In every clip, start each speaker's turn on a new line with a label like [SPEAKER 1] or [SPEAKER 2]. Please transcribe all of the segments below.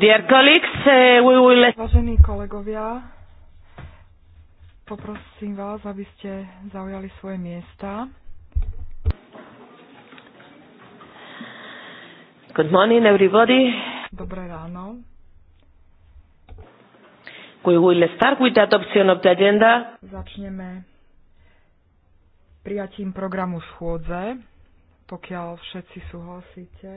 [SPEAKER 1] Dear colleagues, uh, we will... Vážení
[SPEAKER 2] kolegovia, poprosím vás, aby ste zaujali svoje miesta. Good morning, everybody. Dobré ráno.
[SPEAKER 3] We will start with the adoption of the agenda.
[SPEAKER 2] Začneme prijatím programu schôdze, pokiaľ všetci súhlasíte.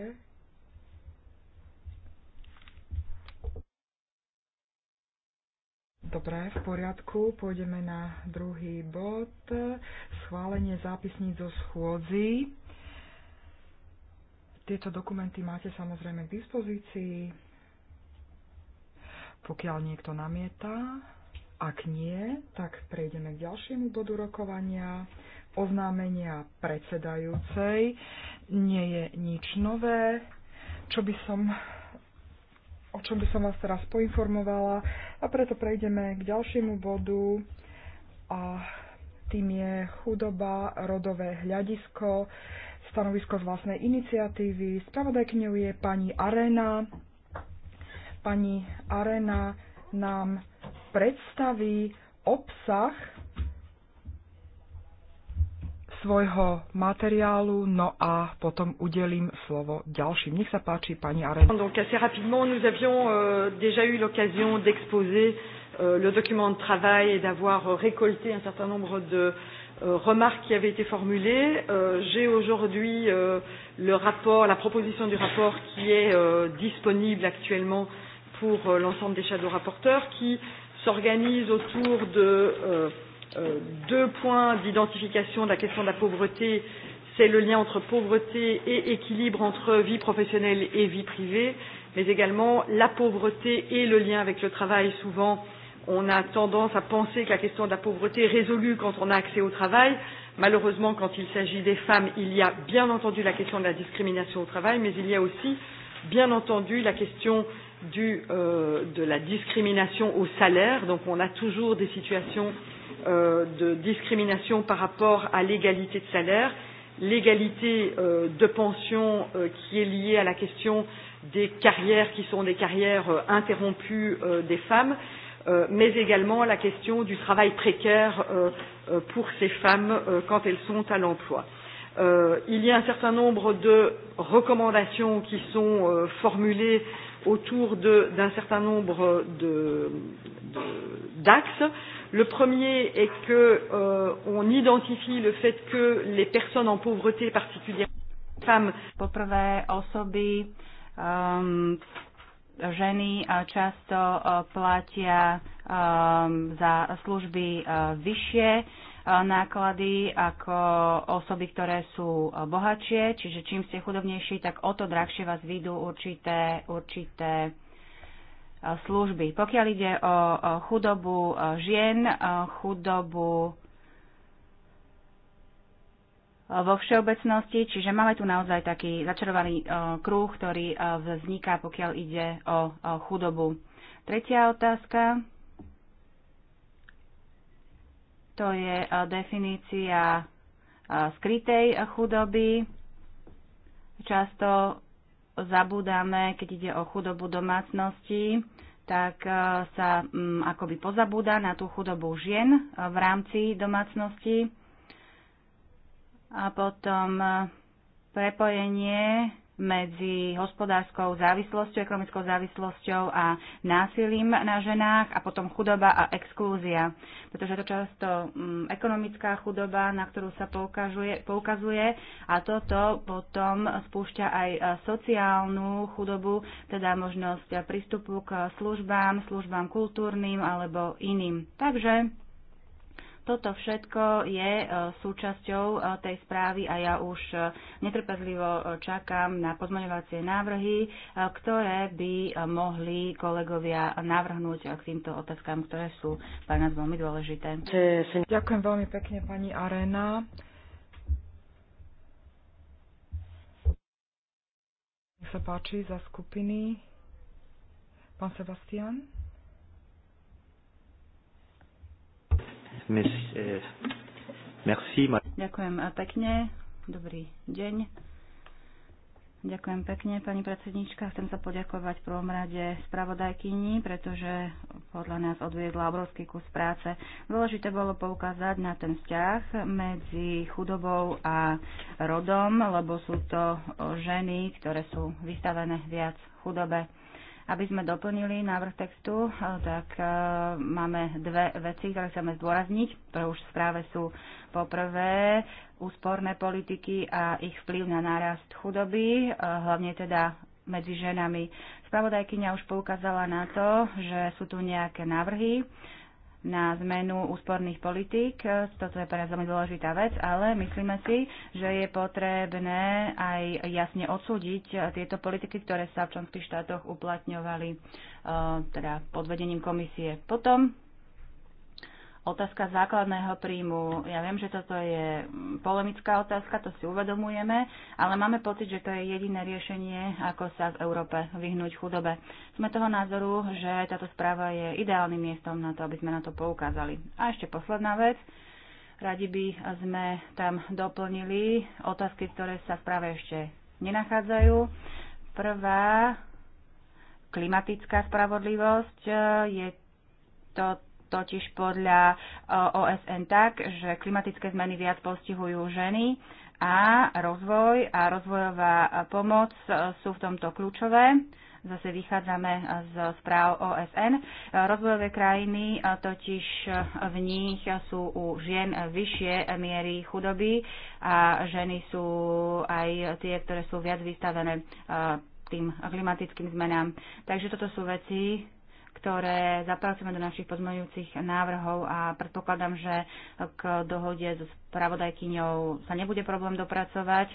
[SPEAKER 2] Dobre, v poriadku. Pôjdeme na druhý bod. Schválenie zápisníc zo schôdzi. Tieto dokumenty máte samozrejme k dispozícii. Pokiaľ niekto namieta, ak nie, tak prejdeme k ďalšiemu bodu rokovania oznámenia predsedajúcej. Nie je nič nové, čo by som, o čom by som vás teraz poinformovala. A preto prejdeme k ďalšiemu bodu a tým je chudoba, rodové hľadisko, stanovisko z vlastnej iniciatívy. Spravodajkňou je pani Arena. Pani Arena nám predstaví obsah svojho materiálu, no a potom udelím slovo ďalším. Nech sa páči, pani Arena.
[SPEAKER 1] Donc assez rapidement, nous avions euh, déjà eu l'occasion d'exposer euh, le document de travail et d'avoir euh, récolté un certain nombre de euh, remarques qui avaient été formulées. Euh, J'ai aujourd'hui euh, le rapport, la proposition du rapport qui est euh, disponible actuellement pour euh, l'ensemble des shadow rapporteurs qui s'organise autour de euh, euh, deux points d'identification de la question de la pauvreté. C'est le lien entre pauvreté et équilibre entre vie professionnelle et vie privée, mais également la pauvreté et le lien avec le travail. Souvent, on a tendance à penser que la question de la pauvreté est résolue quand on a accès au travail. Malheureusement, quand il s'agit des femmes, il y a bien entendu la question de la discrimination au travail, mais il y a aussi, bien entendu, la question du, euh, de la discrimination au salaire. Donc, on a toujours des situations euh, euh, de discrimination par rapport à l'égalité de salaire, l'égalité euh, de pension euh, qui est liée à la question des carrières qui sont des carrières euh, interrompues euh, des femmes, euh, mais également la question du travail précaire euh, euh, pour ces femmes euh, quand elles sont à l'emploi. Euh, il y a un certain nombre de recommandations qui sont euh, formulées autour d'un certain nombre d'axes. De, de, Le premier est que euh, on identifie le fait que les personnes en pauvreté, particulièrement les femmes, poprvé osoby, um, ženy uh, často uh, platia
[SPEAKER 4] um, za služby uh, vyššie uh, náklady ako osoby, ktoré sú uh, bohatšie, čiže čím ste chudobnejší, tak o to drahšie vás vidú určité, určité služby. Pokiaľ ide o chudobu e, žien, e, chudobu e, vo všeobecnosti, čiže máme tu naozaj taký začarovaný kruh, ktorý vzniká, pokiaľ ide o chudobu. Tretia otázka. To je definícia skrytej chudoby. Často zabúdame, keď ide o chudobu domácnosti, tak e, sa mm, akoby pozabúda na tú chudobu žien e, v rámci domácnosti. A potom e, prepojenie medzi hospodárskou závislosťou, ekonomickou závislosťou a násilím na ženách a potom chudoba a exklúzia. Pretože to často um, ekonomická chudoba, na ktorú sa poukazuje, poukazuje a toto potom spúšťa aj e, sociálnu chudobu, teda možnosť prístupu k službám, službám kultúrnym alebo iným. Takže toto všetko je e, súčasťou e, tej správy a ja už e, netrpezlivo čakám na pozmaňovacie návrhy, ktoré by mohli kolegovia navrhnúť k týmto otázkam, ktoré sú pre nás veľmi dôležité. Ďakujem veľmi pekne pani Arena.
[SPEAKER 2] Nech sa páči za skupiny. Pán Sebastian.
[SPEAKER 1] Eh, merci.
[SPEAKER 4] Ďakujem eh, pekne. Dobrý deň. Ďakujem pekne, pani predsednička. Chcem sa poďakovať v prvom rade spravodajkyni, pretože podľa nás odviedla obrovský kus práce. Dôležité bolo poukázať na ten vzťah medzi chudobou a rodom, lebo sú to ženy, ktoré sú vystavené viac chudobe. Aby sme doplnili návrh textu, eh, tak eh, máme dve veci, ktoré chceme zdôrazniť, ktoré už v správe sú. Poprvé, úsporné politiky a ich vplyv na nárast chudoby, eh, hlavne teda medzi ženami. Spravodajkyňa už poukázala na to, že sú tu nejaké návrhy, na zmenu úsporných politík. Toto je pre nás veľmi dôležitá vec, ale myslíme si, že je potrebné aj jasne odsúdiť tieto politiky, ktoré sa v členských štátoch uplatňovali eh, teda pod vedením komisie. Potom Otázka základného príjmu. Ja viem, že toto je polemická otázka, to si uvedomujeme, ale máme pocit, že to je jediné riešenie, ako sa v Európe vyhnúť chudobe. Sme toho názoru, že táto správa je ideálnym miestom na to, aby sme na to poukázali. A ešte posledná vec. Radi by sme tam doplnili otázky, ktoré sa v ešte nenachádzajú. Prvá, klimatická spravodlivosť, je to totiž podľa e, OSN tak, že klimatické zmeny viac postihujú ženy a rozvoj a rozvojová pomoc e, sú v tomto kľúčové. Zase vychádzame e, z správ OSN. Rozvojové krajiny, totiž v nich sú u žien vyššie miery chudoby a ženy sú aj tie, ktoré sú viac vystavené tým klimatickým zmenám. Takže toto sú veci, ktoré zapracujeme do našich pozmeňujúcich návrhov a predpokladám, že k dohode so spravodajkyňou sa nebude problém dopracovať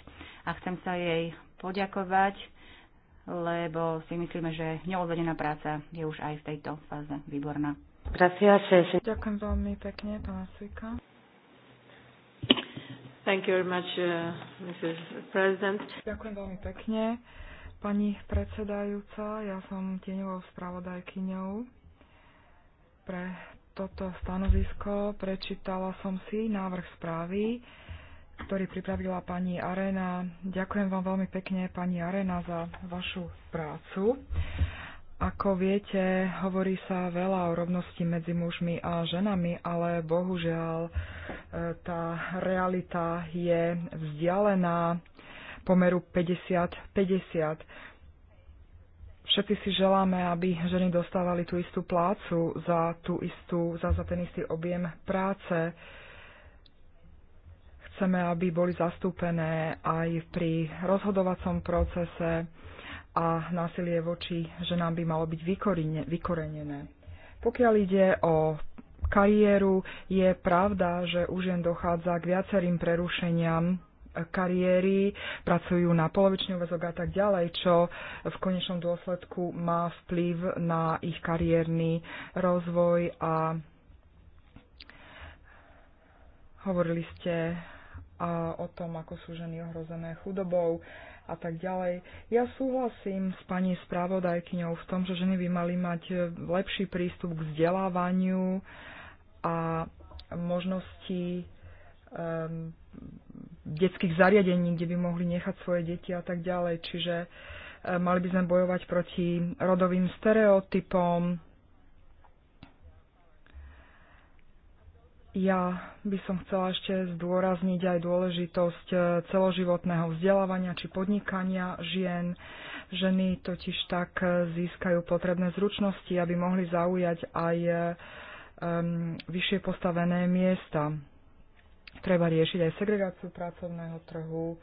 [SPEAKER 4] a chcem sa jej poďakovať, lebo si myslíme, že neodvedená práca je už aj v tejto fáze výborná.
[SPEAKER 2] Gracias. Ďakujem veľmi pekne, pána Svika. Thank you very much, uh, Mrs. President. Ďakujem veľmi pekne. Pani predsedajúca, ja som tieňovou spravodajkyňou pre toto stanovisko. Prečítala som si návrh správy, ktorý pripravila pani Arena. Ďakujem vám veľmi pekne, pani Arena, za vašu prácu. Ako viete, hovorí sa veľa o rovnosti medzi mužmi a ženami, ale bohužiaľ e, tá realita je vzdialená pomeru 50-50. Všetci si želáme, aby ženy dostávali tú istú plácu za, tú istú, za, za ten istý objem práce. Chceme, aby boli zastúpené aj pri rozhodovacom procese a násilie voči ženám by malo byť vykorenené. Pokiaľ ide o kariéru, je pravda, že už jen dochádza k viacerým prerušeniam kariéry, pracujú na polovičný úvezok a tak ďalej, čo v konečnom dôsledku má vplyv na ich kariérny rozvoj a hovorili ste a o tom, ako sú ženy ohrozené chudobou a tak ďalej. Ja súhlasím s pani správodajkyňou v tom, že ženy by mali mať lepší prístup k vzdelávaniu a možnosti um, detských zariadení, kde by mohli nechať svoje deti a tak ďalej. Čiže e, mali by sme bojovať proti rodovým stereotypom. Ja by som chcela ešte zdôrazniť aj dôležitosť e, celoživotného vzdelávania či podnikania žien. Ženy totiž tak e, získajú potrebné zručnosti, aby mohli zaujať aj um, vyššie postavené miesta treba riešiť aj segregáciu pracovného trhu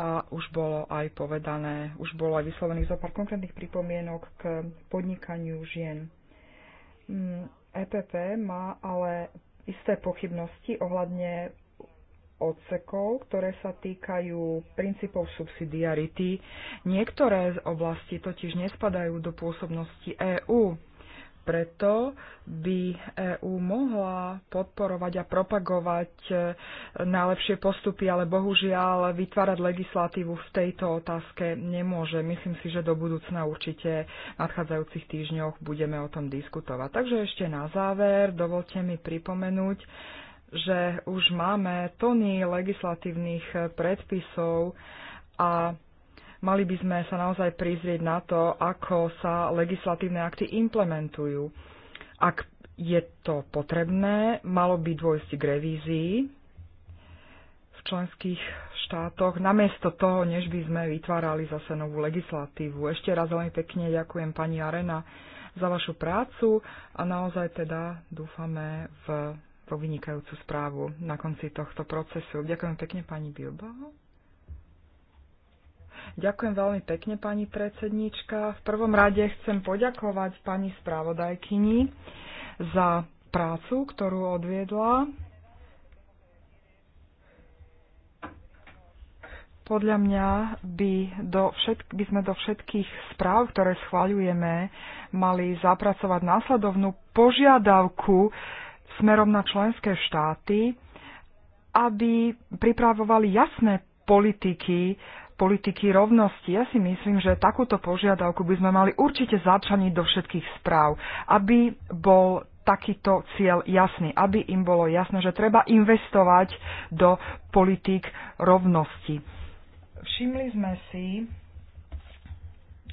[SPEAKER 2] a už bolo aj povedané, už bolo aj vyslovených zo pár konkrétnych pripomienok k podnikaniu žien. Mm, EPP má ale isté pochybnosti ohľadne odsekov, ktoré sa týkajú princípov subsidiarity. Niektoré z oblasti totiž nespadajú do pôsobnosti EÚ. Preto by EÚ mohla podporovať a propagovať e, najlepšie postupy, ale bohužiaľ vytvárať legislatívu v tejto otázke nemôže. Myslím si, že do budúcna určite v nadchádzajúcich týždňoch budeme o tom diskutovať. Takže ešte na záver dovolte mi pripomenúť, že už máme tony legislatívnych predpisov a Mali by sme sa naozaj prizrieť na to, ako sa legislatívne akty implementujú. Ak je to potrebné, malo by dôjsť k revízii v členských štátoch, namiesto toho, než by sme vytvárali zase novú legislatívu. Ešte raz veľmi pekne ďakujem pani Arena za vašu prácu a naozaj teda dúfame v, vo vynikajúcu správu na konci tohto procesu. Ďakujem pekne pani Bilbao. Ďakujem veľmi pekne, pani predsednička. V prvom rade chcem poďakovať pani správodajkyni za prácu, ktorú odviedla. Podľa mňa by, do všetk- by sme do všetkých správ, ktoré schváľujeme, mali zapracovať následovnú požiadavku smerom na členské štáty, aby pripravovali jasné politiky politiky rovnosti. Ja si myslím, že takúto požiadavku by sme mali určite začaniť do všetkých správ, aby bol takýto cieľ jasný, aby im bolo jasné, že treba investovať do politik rovnosti. Všimli sme si,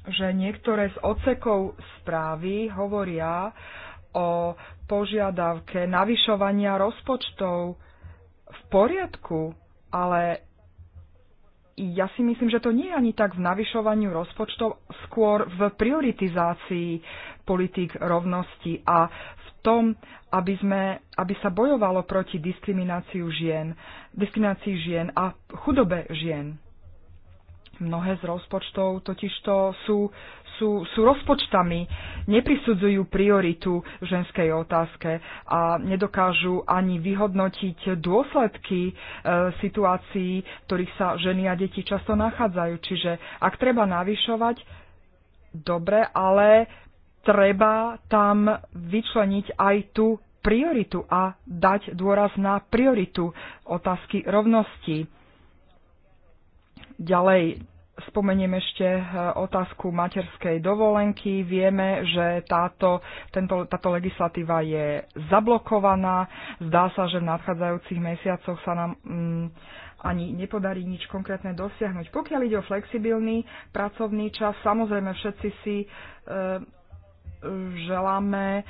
[SPEAKER 2] že niektoré z ocekov správy hovoria o požiadavke navyšovania rozpočtov v poriadku, ale ja si myslím, že to nie je ani tak v navyšovaní rozpočtov, skôr v prioritizácii politik rovnosti a v tom, aby, sme, aby sa bojovalo proti diskrimináciu žien, diskriminácii žien a chudobe žien. Mnohé z rozpočtov totižto sú sú, sú rozpočtami, neprisudzujú prioritu ženskej otázke a nedokážu ani vyhodnotiť dôsledky e, situácií, v ktorých sa ženy a deti často nachádzajú. Čiže ak treba navyšovať, dobre, ale treba tam vyčleniť aj tú prioritu a dať dôraz na prioritu otázky rovnosti. Ďalej, spomeniem ešte e, otázku materskej dovolenky. Vieme, že táto, tento, táto legislatíva je zablokovaná. Zdá sa, že v nadchádzajúcich mesiacoch sa nám mm, ani nepodarí nič konkrétne dosiahnuť. Pokiaľ ide o flexibilný pracovný čas, samozrejme všetci si e, želáme.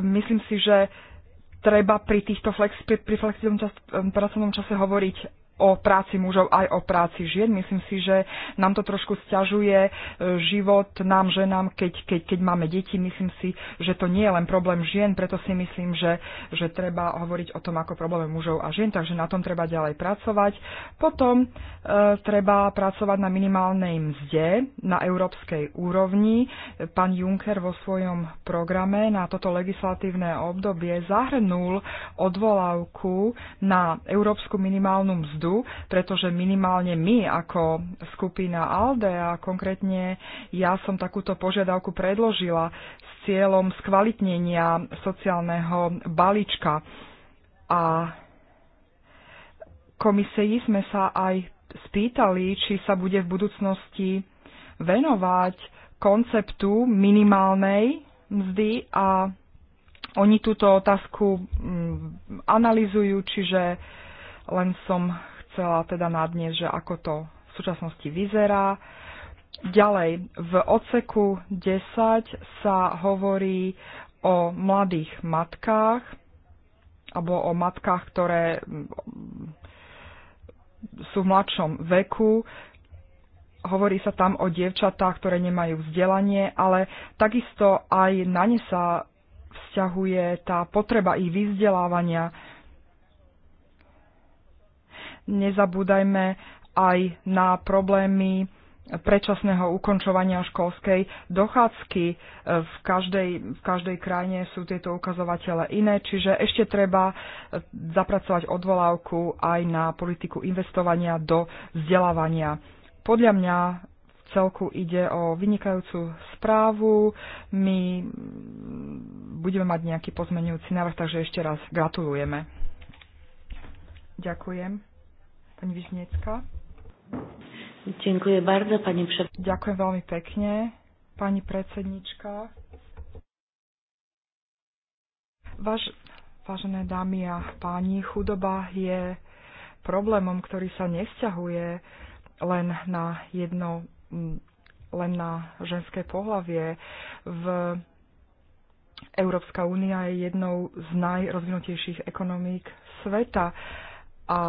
[SPEAKER 2] Myslím si, že treba pri týchto flex, pri, pri flexibilnom čas, um, pracovnom čase hovoriť o práci mužov aj o práci žien. Myslím si, že nám to trošku stiažuje e, život nám, ženám, keď, keď, keď máme deti. Myslím si, že to nie je len problém žien, preto si myslím, že, že treba hovoriť o tom ako probléme mužov a žien, takže na tom treba ďalej pracovať. Potom e, treba pracovať na minimálnej mzde na európskej úrovni. Pán Juncker vo svojom programe na toto legislatívne obdobie zahrnul odvolávku na európsku minimálnu mzdu dopredu, pretože minimálne my ako skupina ALDE a konkrétne ja som takúto požiadavku predložila s cieľom skvalitnenia sociálneho balíčka. A komisii sme sa aj spýtali, či sa bude v budúcnosti venovať konceptu minimálnej mzdy a oni túto otázku mm, analizujú, čiže len som chcela teda nadniesť, že ako to v súčasnosti vyzerá. Ďalej, v odseku 10 sa hovorí o mladých matkách alebo o matkách, ktoré mm, sú v mladšom veku. Hovorí sa tam o dievčatách, ktoré nemajú vzdelanie, ale takisto aj na ne sa vzťahuje tá potreba ich vyzdelávania, Nezabúdajme aj na problémy predčasného ukončovania školskej dochádzky. E, v každej, v každej krajine sú tieto ukazovatele iné, čiže ešte treba e, zapracovať odvolávku aj na politiku investovania do vzdelávania. Podľa mňa v celku ide o vynikajúcu správu. My budeme mať nejaký pozmenujúci návrh, takže ešte raz gratulujeme. Ďakujem. Pani Vižnecka. Ďakujem bardzo, pani pre... Ďakujem veľmi pekne, pani predsednička. Váž, vážené dámy a páni, chudoba je problémom, ktorý sa nevzťahuje len na jedno, len na ženské pohlavie. V Európska únia je jednou z najrozvinutejších ekonomík sveta a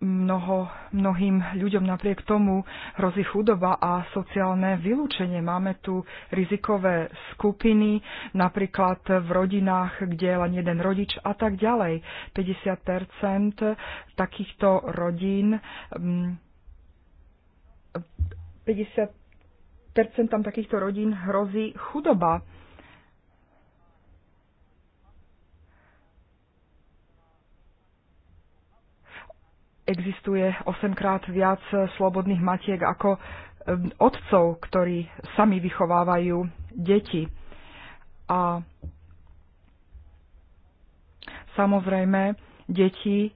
[SPEAKER 2] mnoho, mnohým ľuďom napriek tomu hrozí chudoba a sociálne vylúčenie. Máme tu rizikové skupiny, napríklad v rodinách, kde je len jeden rodič a tak ďalej. 50 takýchto rodín 50 mm, tam takýchto rodín hrozí chudoba. existuje 8 krát viac slobodných matiek ako otcov, ktorí sami vychovávajú deti. A samozrejme, deti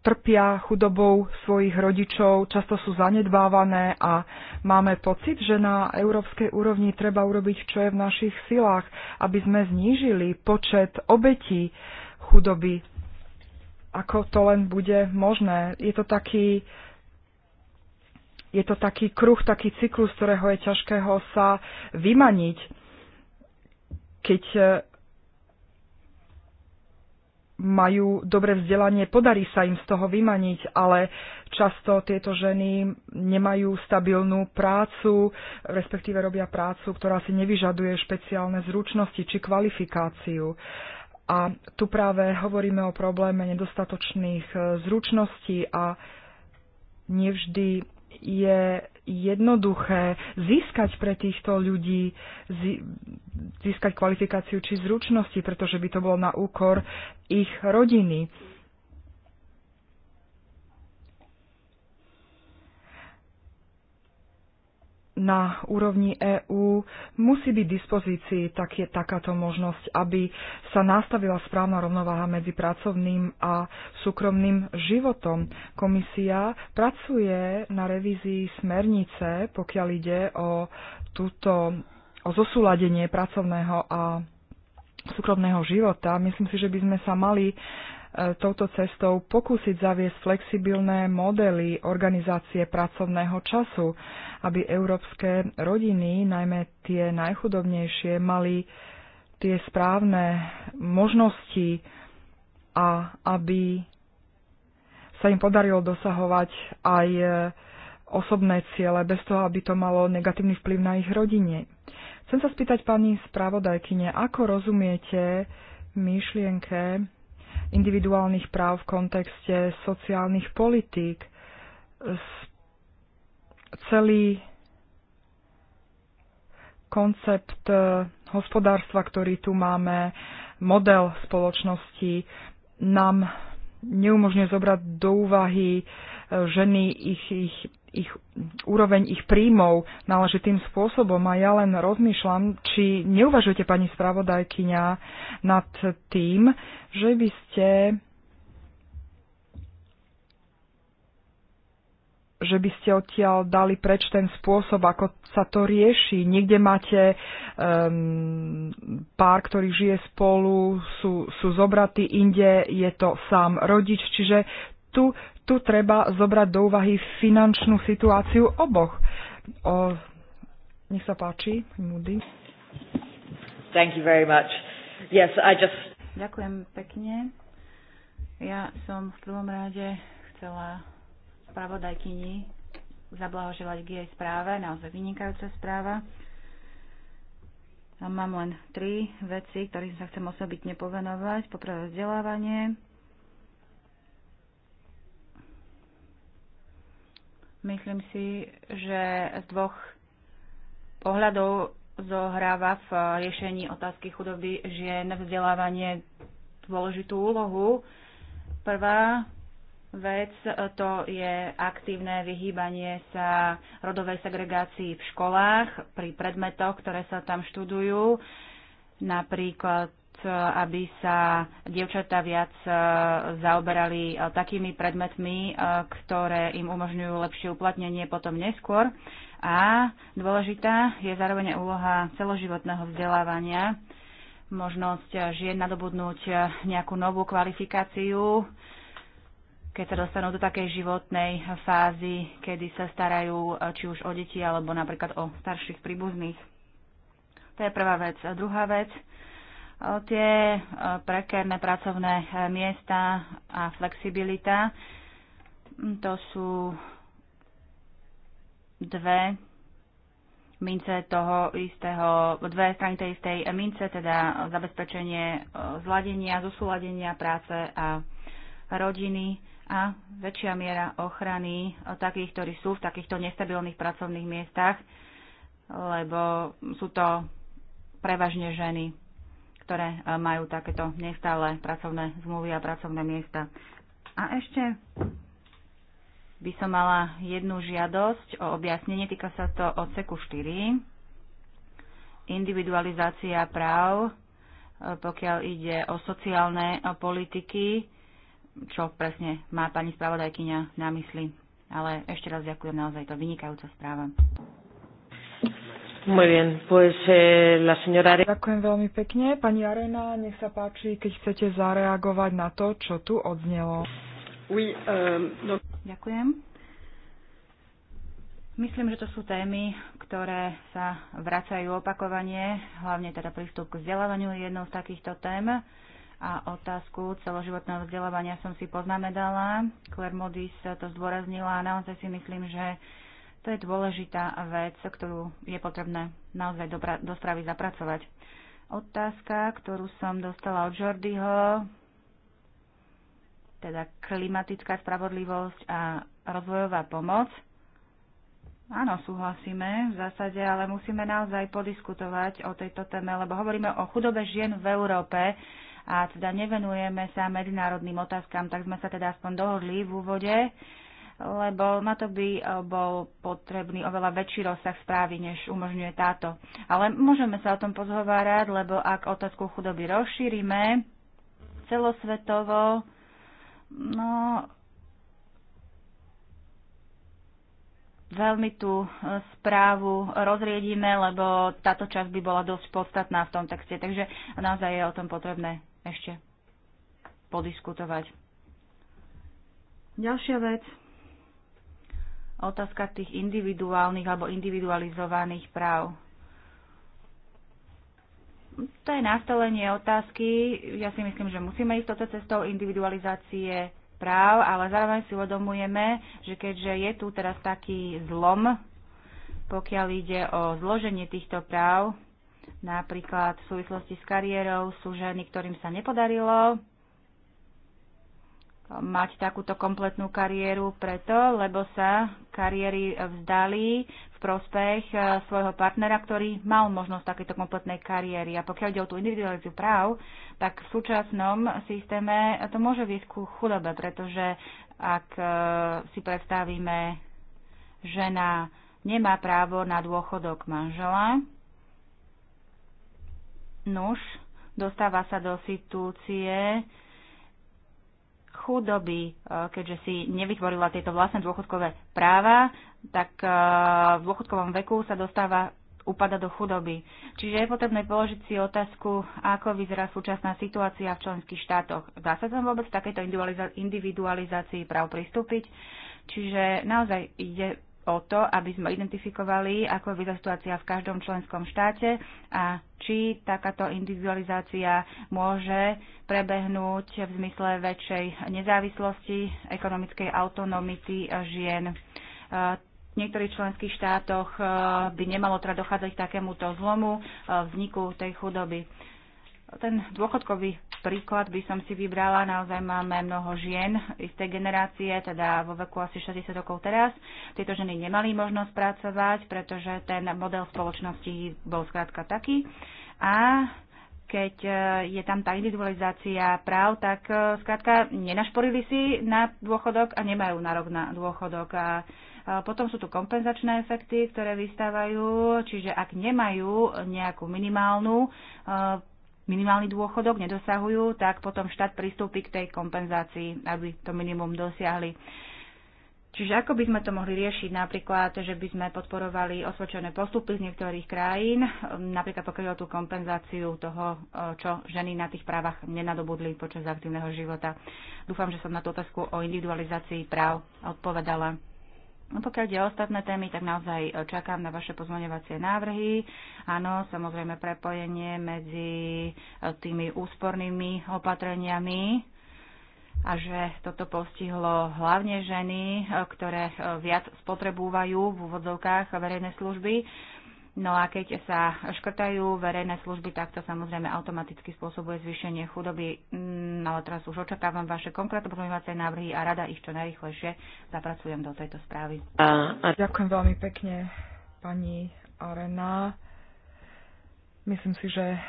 [SPEAKER 2] trpia chudobou svojich rodičov, často sú zanedbávané a máme pocit, že na európskej úrovni treba urobiť, čo je v našich silách, aby sme znížili počet obetí chudoby ako to len bude možné. Je to taký, je to taký kruh, taký cyklus, z ktorého je ťažkého sa vymaniť, keď e, majú dobre vzdelanie, podarí sa im z toho vymaniť, ale často tieto ženy nemajú stabilnú prácu, respektíve robia prácu, ktorá si nevyžaduje špeciálne zručnosti či kvalifikáciu. Uh, a tu práve hovoríme o probléme nedostatočných e, zručností a nevždy je jednoduché získať pre týchto ľudí, získať kvalifikáciu či zručnosti, pretože by to bolo na úkor ich rodiny. na úrovni EÚ musí byť dispozícii tak je takáto možnosť, aby sa nastavila správna rovnováha medzi pracovným a súkromným životom. Komisia pracuje na revízii smernice, pokiaľ ide o túto o zosúladenie pracovného a súkromného života. Myslím si, že by sme sa mali E, touto cestou pokúsiť zaviesť flexibilné modely organizácie pracovného času, aby európske rodiny, najmä tie najchudobnejšie, mali tie správne možnosti a aby sa im podarilo dosahovať aj osobné ciele, bez toho, aby to malo negatívny vplyv na ich rodine. Chcem sa spýtať pani spravodajkyne, ako rozumiete myšlienke individuálnych práv v kontexte sociálnych politík. Celý koncept eh, hospodárstva, ktorý tu máme, model spoločnosti, nám neumožňuje zobrať do úvahy ženy, ich, ich, ich úroveň ich príjmov náležitým spôsobom. A ja len rozmýšľam, či neuvažujete, pani spravodajkyňa, nad tým, že by ste že by ste odtiaľ dali preč ten spôsob, ako sa to rieši. Niekde máte um, pár, ktorý žije spolu, sú, sú zobratí, inde je to sám rodič. Čiže tu tu treba zobrať do úvahy finančnú situáciu oboch. O,
[SPEAKER 4] nech sa páči, Moody.
[SPEAKER 1] Thank you very much. Yes,
[SPEAKER 4] I just... Ďakujem pekne. Ja som v prvom rade chcela spravodajkyni zablahoželať k jej správe, naozaj vynikajúca správa. A mám len tri veci, ktorým sa chcem osobitne povenovať. Poprvé vzdelávanie, Myslím si, že z dvoch pohľadov zohráva v riešení otázky chudoby žien vzdelávanie dôležitú úlohu. Prvá vec to je aktívne vyhýbanie sa rodovej segregácii v školách pri predmetoch, ktoré sa tam študujú, napríklad E, aby sa dievčatá viac e, zaoberali e, takými predmetmi, ktoré im umožňujú lepšie uplatnenie potom neskôr. A dôležitá je zároveň úloha celoživotného vzdelávania, možnosť žien nadobudnúť nejakú novú kvalifikáciu, keď sa dostanú do takej životnej fázy, kedy sa starajú či už o deti alebo napríklad o starších príbuzných. To je prvá vec. A druhá vec, tie prekérne pracovné e, miesta a flexibilita, to sú dve mince toho istého, dve strany tej istej mince, teda zabezpečenie e, zladenia, zosúladenia práce a rodiny a väčšia miera ochrany e, takých, ktorí sú v takýchto nestabilných pracovných miestach, lebo sú to prevažne ženy ktoré e, majú takéto nestále pracovné zmluvy a pracovné miesta. A ešte by som mala jednu žiadosť o objasnenie, týka sa to odseku 4, individualizácia práv, e, pokiaľ ide o sociálne e, politiky, čo presne má pani spravodajkyňa na mysli. Ale ešte raz ďakujem, naozaj to vynikajúca správa.
[SPEAKER 2] Muy bien, pues eh, la señora Ďakujem veľmi pekne. Pani Arena, nech sa páči, keď chcete zareagovať na to, čo tu odznelo.
[SPEAKER 1] Oui, um, no...
[SPEAKER 4] Ďakujem. Myslím, že to sú témy, ktoré sa vracajú opakovanie, hlavne teda prístup k vzdelávaniu je jednou z takýchto tém. A otázku celoživotného vzdelávania som si poznamenala. Claire Modis to zdôraznila a naozaj si myslím, že to je dôležitá vec, ktorú je potrebné naozaj do správy zapracovať. Otázka, ktorú som dostala od Jordyho, teda klimatická spravodlivosť a rozvojová pomoc. Áno, súhlasíme v zásade, ale musíme naozaj podiskutovať o tejto téme, lebo hovoríme o chudobe žien v Európe a teda nevenujeme sa medzinárodným otázkam, tak sme sa teda aspoň dohodli v úvode lebo na to by eh, bol potrebný oveľa väčší rozsah správy, než umožňuje táto. Ale môžeme sa o tom pozhovárať, lebo ak otázku chudoby rozšírime celosvetovo, no veľmi tú eh, správu rozriedíme, lebo táto časť by bola dosť podstatná v tom texte. Takže naozaj je o tom potrebné ešte podiskutovať. Ďalšia vec, otázka tých individuálnych alebo individualizovaných práv. To je nastolenie otázky. Ja si myslím, že musíme ísť toto cestou individualizácie práv, ale zároveň si uvedomujeme, že keďže je tu teraz taký zlom, pokiaľ ide o zloženie týchto práv, napríklad v súvislosti s kariérou sú ženy, ktorým sa nepodarilo mať takúto kompletnú kariéru preto, lebo sa kariéry vzdali v prospech e, svojho partnera, ktorý mal možnosť takéto kompletnej kariéry. A pokiaľ ide o tú individualizáciu práv, tak v súčasnom systéme to môže viesť ku chudobe, pretože ak e, si predstavíme, žena nemá právo na dôchodok manžela, nuž, dostáva sa do situácie, chudoby, e, keďže si nevytvorila tieto vlastné dôchodkové práva, tak e, v dôchodkovom veku sa dostáva upada do chudoby. Čiže je potrebné položiť si otázku, ako vyzerá súčasná situácia v členských štátoch. Dá sa tam vôbec takéto individualizácii práv pristúpiť? Čiže naozaj je o to, aby sme identifikovali, ako je situácia v každom členskom štáte a či takáto individualizácia môže prebehnúť v zmysle väčšej nezávislosti, ekonomickej autonomity žien. V niektorých členských štátoch eh, by nemalo teda dochádzať k takémuto zlomu eh, vzniku tej chudoby. Ten dôchodkový príklad by som si vybrala, naozaj máme mnoho žien tej generácie, teda vo veku asi 60 rokov teraz. Tieto ženy nemali možnosť pracovať, pretože ten model spoločnosti bol zkrátka taký. A keď e, je tam tá individualizácia práv, tak zkrátka e, nenašporili si na dôchodok a nemajú nárok na dôchodok. A e, potom sú tu kompenzačné efekty, ktoré vystávajú, čiže ak nemajú nejakú minimálnu minimálny dôchodok nedosahujú, tak potom štát pristúpi k tej kompenzácii, aby to minimum dosiahli. Čiže ako by sme to mohli riešiť? Napríklad, že by sme podporovali osvočené postupy z niektorých krajín, napríklad pokiaľ tú kompenzáciu toho, e, čo ženy na tých právach nenadobudli počas aktívneho života. Dúfam, že som na tú otázku o individualizácii práv odpovedala. No, pokiaľ ide o ostatné témy, tak naozaj e, čakám na vaše pozvoňovacie návrhy. Áno, samozrejme prepojenie medzi e, tými úspornými opatreniami a že toto postihlo hlavne ženy, e, ktoré viac spotrebúvajú v úvodzovkách verejné služby. No a keď sa škrtajú verejné služby, tak to samozrejme automaticky spôsobuje zvýšenie chudoby. No ale teraz už očakávam vaše konkrétne pozmeňovacie návrhy a rada ich čo najrychlejšie zapracujem do tejto správy.
[SPEAKER 2] A, a... Ďakujem veľmi pekne, pani Arena. Myslím si, že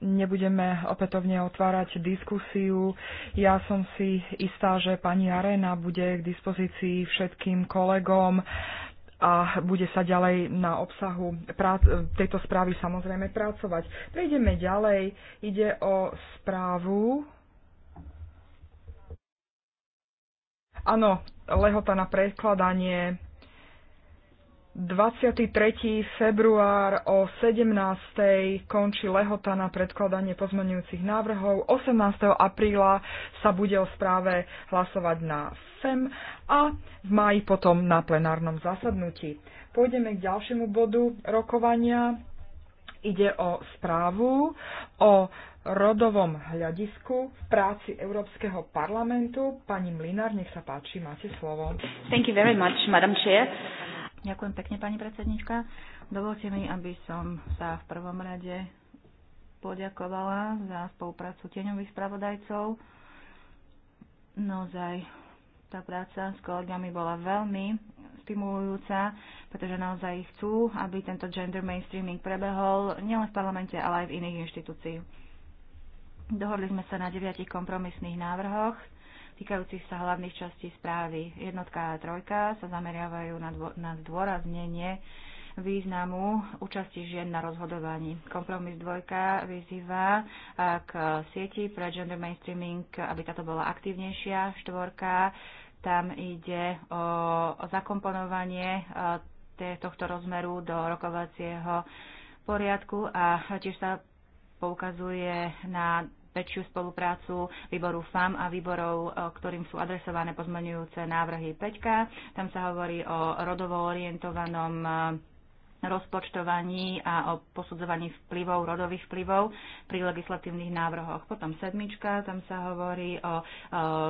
[SPEAKER 2] nebudeme opätovne otvárať diskusiu. Ja som si istá, že pani Arena bude k dispozícii všetkým kolegom a bude sa ďalej na obsahu prác- tejto správy samozrejme pracovať. Prejdeme ďalej. Ide o správu. Áno, lehota na predkladanie 23. február o 17. končí lehota na predkladanie pozmenujúcich návrhov. 18. apríla sa bude o správe hlasovať na FEM a v máji potom na plenárnom zasadnutí. Pôjdeme k ďalšiemu bodu rokovania. Ide o správu o rodovom hľadisku v práci Európskeho parlamentu. Pani Mlinár, nech sa páči, máte slovo. Thank you very
[SPEAKER 4] much, Madam Chair. Ďakujem pekne, pani predsednička. Dovolte mi, aby som sa v prvom rade poďakovala za spoluprácu tieňových spravodajcov. Naozaj tá práca s kolegami bola veľmi stimulujúca, pretože naozaj chcú, aby tento gender mainstreaming prebehol nielen v parlamente, ale aj v iných inštitúciách. Dohodli sme sa na deviatich kompromisných návrhoch týkajúcich sa hlavných častí správy. Jednotka a trojka sa zameriavajú na, dvo- na zdôraznenie významu účasti žien na rozhodovaní. Kompromis dvojka vyzýva k sieti pre gender mainstreaming, aby táto bola aktívnejšia. Štvorka, tam ide o zakomponovanie tohto rozmeru do rokovacieho poriadku a tiež sa poukazuje na väčšiu spoluprácu výboru FAM a výborov, e, ktorým sú adresované pozmenujúce návrhy 5. Tam sa hovorí o rodovo orientovanom e, rozpočtovaní a o posudzovaní vplyvov, rodových vplyvov pri legislatívnych návrhoch. Potom sedmička, tam sa hovorí o,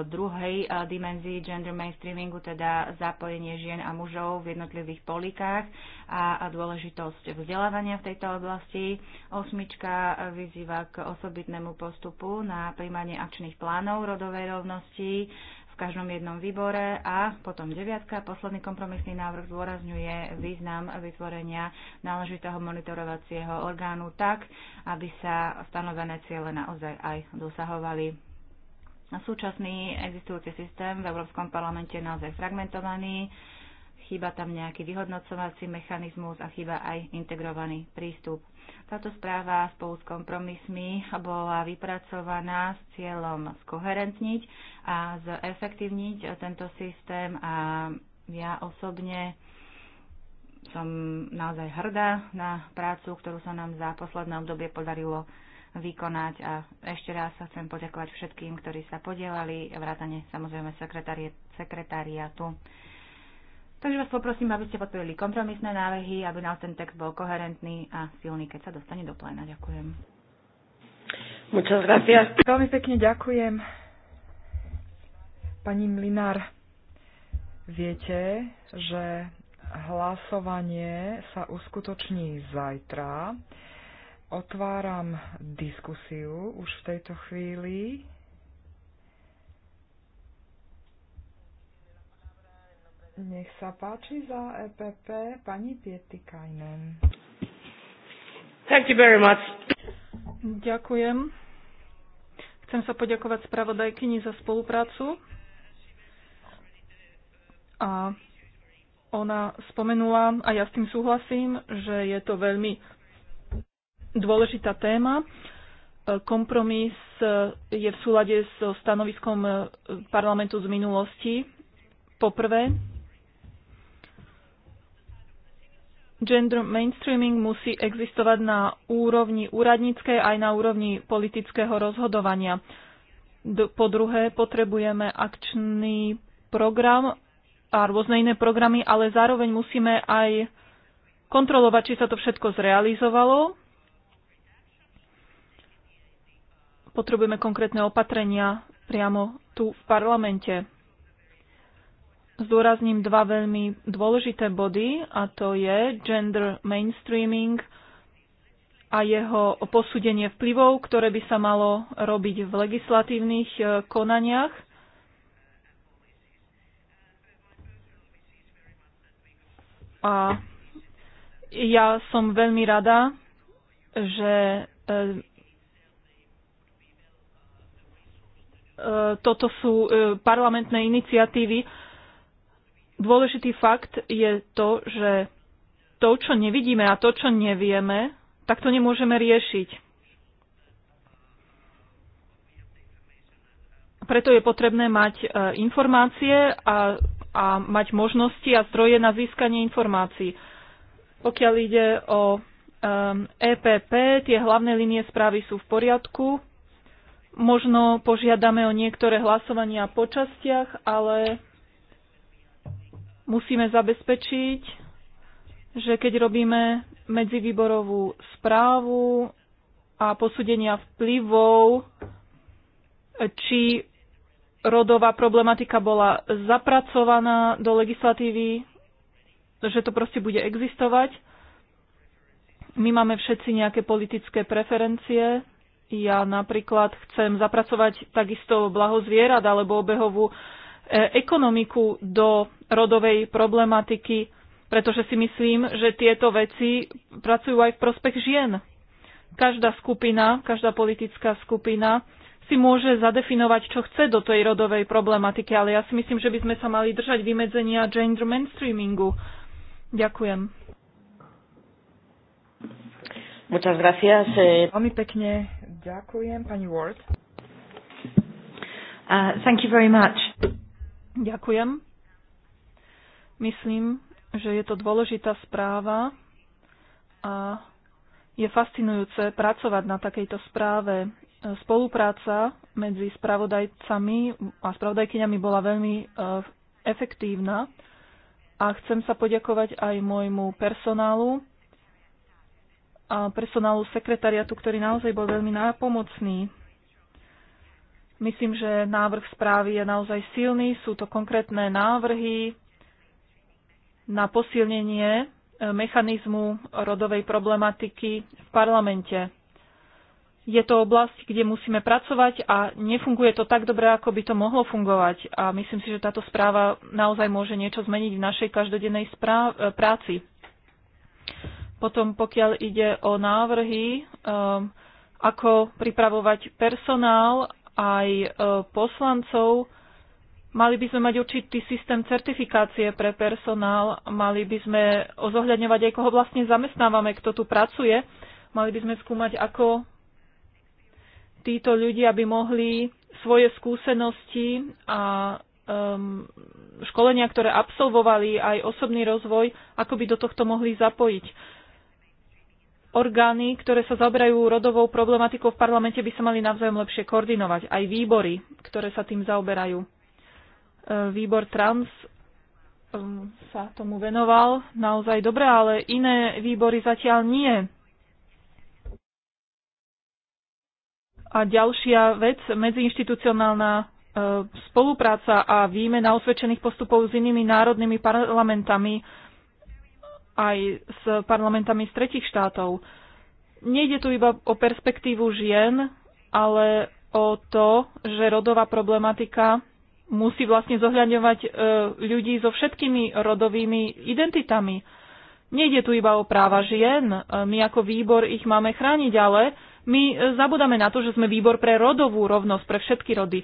[SPEAKER 4] druhej e, dimenzii gender mainstreamingu, teda zapojenie žien a mužov v jednotlivých polikách a, dôležitosť vzdelávania v tejto oblasti. Osmička vyzýva k osobitnému postupu na príjmanie akčných plánov rodovej rovnosti každom jednom výbore a potom deviatka. Posledný kompromisný návrh zdôrazňuje význam vytvorenia náležitého monitorovacieho orgánu tak, aby sa stanovené ciele naozaj aj dosahovali. Súčasný existujúci systém v Európskom parlamente je naozaj fragmentovaný Chýba tam nejaký vyhodnocovací mechanizmus a chýba aj integrovaný prístup. Táto správa spolu s kompromismi bola vypracovaná s cieľom skoherentniť a zefektívniť tento systém a ja osobne som naozaj hrdá na prácu, ktorú sa nám za posledné obdobie podarilo vykonať a ešte raz sa chcem poďakovať všetkým, ktorí sa podielali, vrátane samozrejme sekretariatu. Takže vás poprosím, aby ste podporili kompromisné návrhy, aby nás ten text bol koherentný a silný, keď sa dostane do pléna. Ďakujem.
[SPEAKER 1] Muchas gracias.
[SPEAKER 2] Veľmi pekne ďakujem.
[SPEAKER 4] Pani Mlinár,
[SPEAKER 2] viete, že hlasovanie sa uskutoční zajtra. Otváram diskusiu už v tejto chvíli. Nech sa páči za EPP pani Pietikainen.
[SPEAKER 1] Thank you very much.
[SPEAKER 3] Ďakujem. Chcem sa poďakovať spravodajkyni za spoluprácu. A ona spomenula, a ja s tým súhlasím, že je to veľmi dôležitá téma. Kompromis je v súlade so stanoviskom eh, parlamentu z minulosti. Poprvé, Gender mainstreaming musí existovať na úrovni úradníckej aj na úrovni politického rozhodovania. Po druhé, potrebujeme akčný program a rôzne iné programy, ale zároveň musíme aj kontrolovať, či sa to všetko zrealizovalo. Potrebujeme konkrétne opatrenia priamo tu v parlamente zdôrazním dva veľmi dôležité body, a to je gender mainstreaming a jeho posúdenie vplyvov, ktoré by sa malo robiť v legislatívnych e, konaniach. A ja som veľmi rada, že e, e, toto sú parlamentné iniciatívy, Dôležitý fakt je to, že to, čo nevidíme a to, čo nevieme, tak to nemôžeme riešiť. Preto je potrebné mať e, informácie a, a mať možnosti a zdroje na získanie informácií. Pokiaľ ide o um, e, EPP, tie hlavné línie správy sú v poriadku. Možno požiadame o niektoré hlasovania po častiach, ale Musíme zabezpečiť, že keď robíme medzivýborovú správu a posúdenia vplyvov, či rodová problematika bola zapracovaná do legislatívy, že to proste bude existovať. My máme všetci nejaké politické preferencie. Ja napríklad chcem zapracovať takisto blaho alebo obehovú E, ekonomiku do rodovej problematiky, pretože si myslím, že tieto veci pracujú aj v prospech žien. Každá skupina, každá politická skupina si môže zadefinovať, čo chce do tej rodovej problematiky, ale ja si myslím, že by sme sa mali držať vymedzenia gender mainstreamingu. Ďakujem. Muchas gracias. Eh.
[SPEAKER 1] Veľmi pekne
[SPEAKER 2] ďakujem, pani Ward.
[SPEAKER 1] Uh, thank you very much.
[SPEAKER 2] Ďakujem.
[SPEAKER 3] Myslím, že je to dôležitá správa a je fascinujúce pracovať na takejto správe. Spolupráca medzi spravodajcami a spravodajkyňami bola veľmi e, efektívna a chcem sa poďakovať aj môjmu personálu a personálu sekretariatu, ktorý naozaj bol veľmi nápomocný Myslím, že návrh správy je naozaj silný. Sú to konkrétne návrhy na posilnenie e, mechanizmu rodovej problematiky v parlamente. Je to oblasť, kde musíme pracovať a nefunguje to tak dobre, ako by to mohlo fungovať. A myslím si, že táto správa naozaj môže niečo zmeniť v našej každodennej e, práci. Potom, pokiaľ ide o návrhy, um, ako pripravovať personál aj e, poslancov. Mali by sme mať určitý systém certifikácie pre personál, mali by sme ozohľadňovať aj koho vlastne zamestnávame, kto tu pracuje. Mali by sme skúmať, ako títo ľudia by mohli svoje skúsenosti a um, školenia, ktoré absolvovali, aj osobný rozvoj, ako by do tohto mohli zapojiť orgány, ktoré sa zaoberajú rodovou problematikou v parlamente, by sa mali navzájom lepšie koordinovať. Aj výbory, ktoré sa tým zaoberajú. E, výbor trans e, sa tomu venoval naozaj dobre, ale iné výbory zatiaľ nie. A ďalšia vec, medziinstitucionálna e, spolupráca a výmena osvedčených postupov s inými národnými parlamentami aj s parlamentami z tretich štátov. Nejde tu iba o perspektívu žien, ale o to, že rodová problematika musí vlastne zohľadňovať e, ľudí so všetkými rodovými identitami. Nejde tu iba o práva žien, e, my ako výbor ich máme chrániť, ale my e, zabudáme na to, že sme výbor pre rodovú rovnosť, pre všetky rody.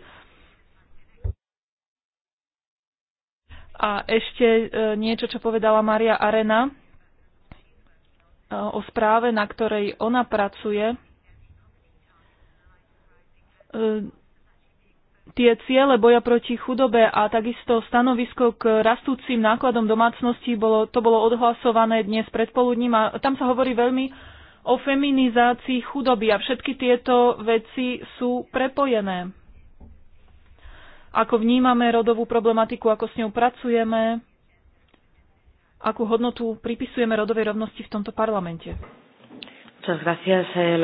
[SPEAKER 3] A ešte e, niečo, čo povedala Maria Arena e, o správe, na ktorej ona pracuje. E, tie ciele boja proti chudobe a takisto stanovisko k rastúcim nákladom domácností, bolo, to bolo odhlasované dnes predpoludním a tam sa hovorí veľmi o feminizácii chudoby a všetky tieto veci sú prepojené ako vnímame rodovú problematiku, ako s ňou pracujeme, akú hodnotu pripisujeme rodovej rovnosti v tomto parlamente.
[SPEAKER 1] Eh,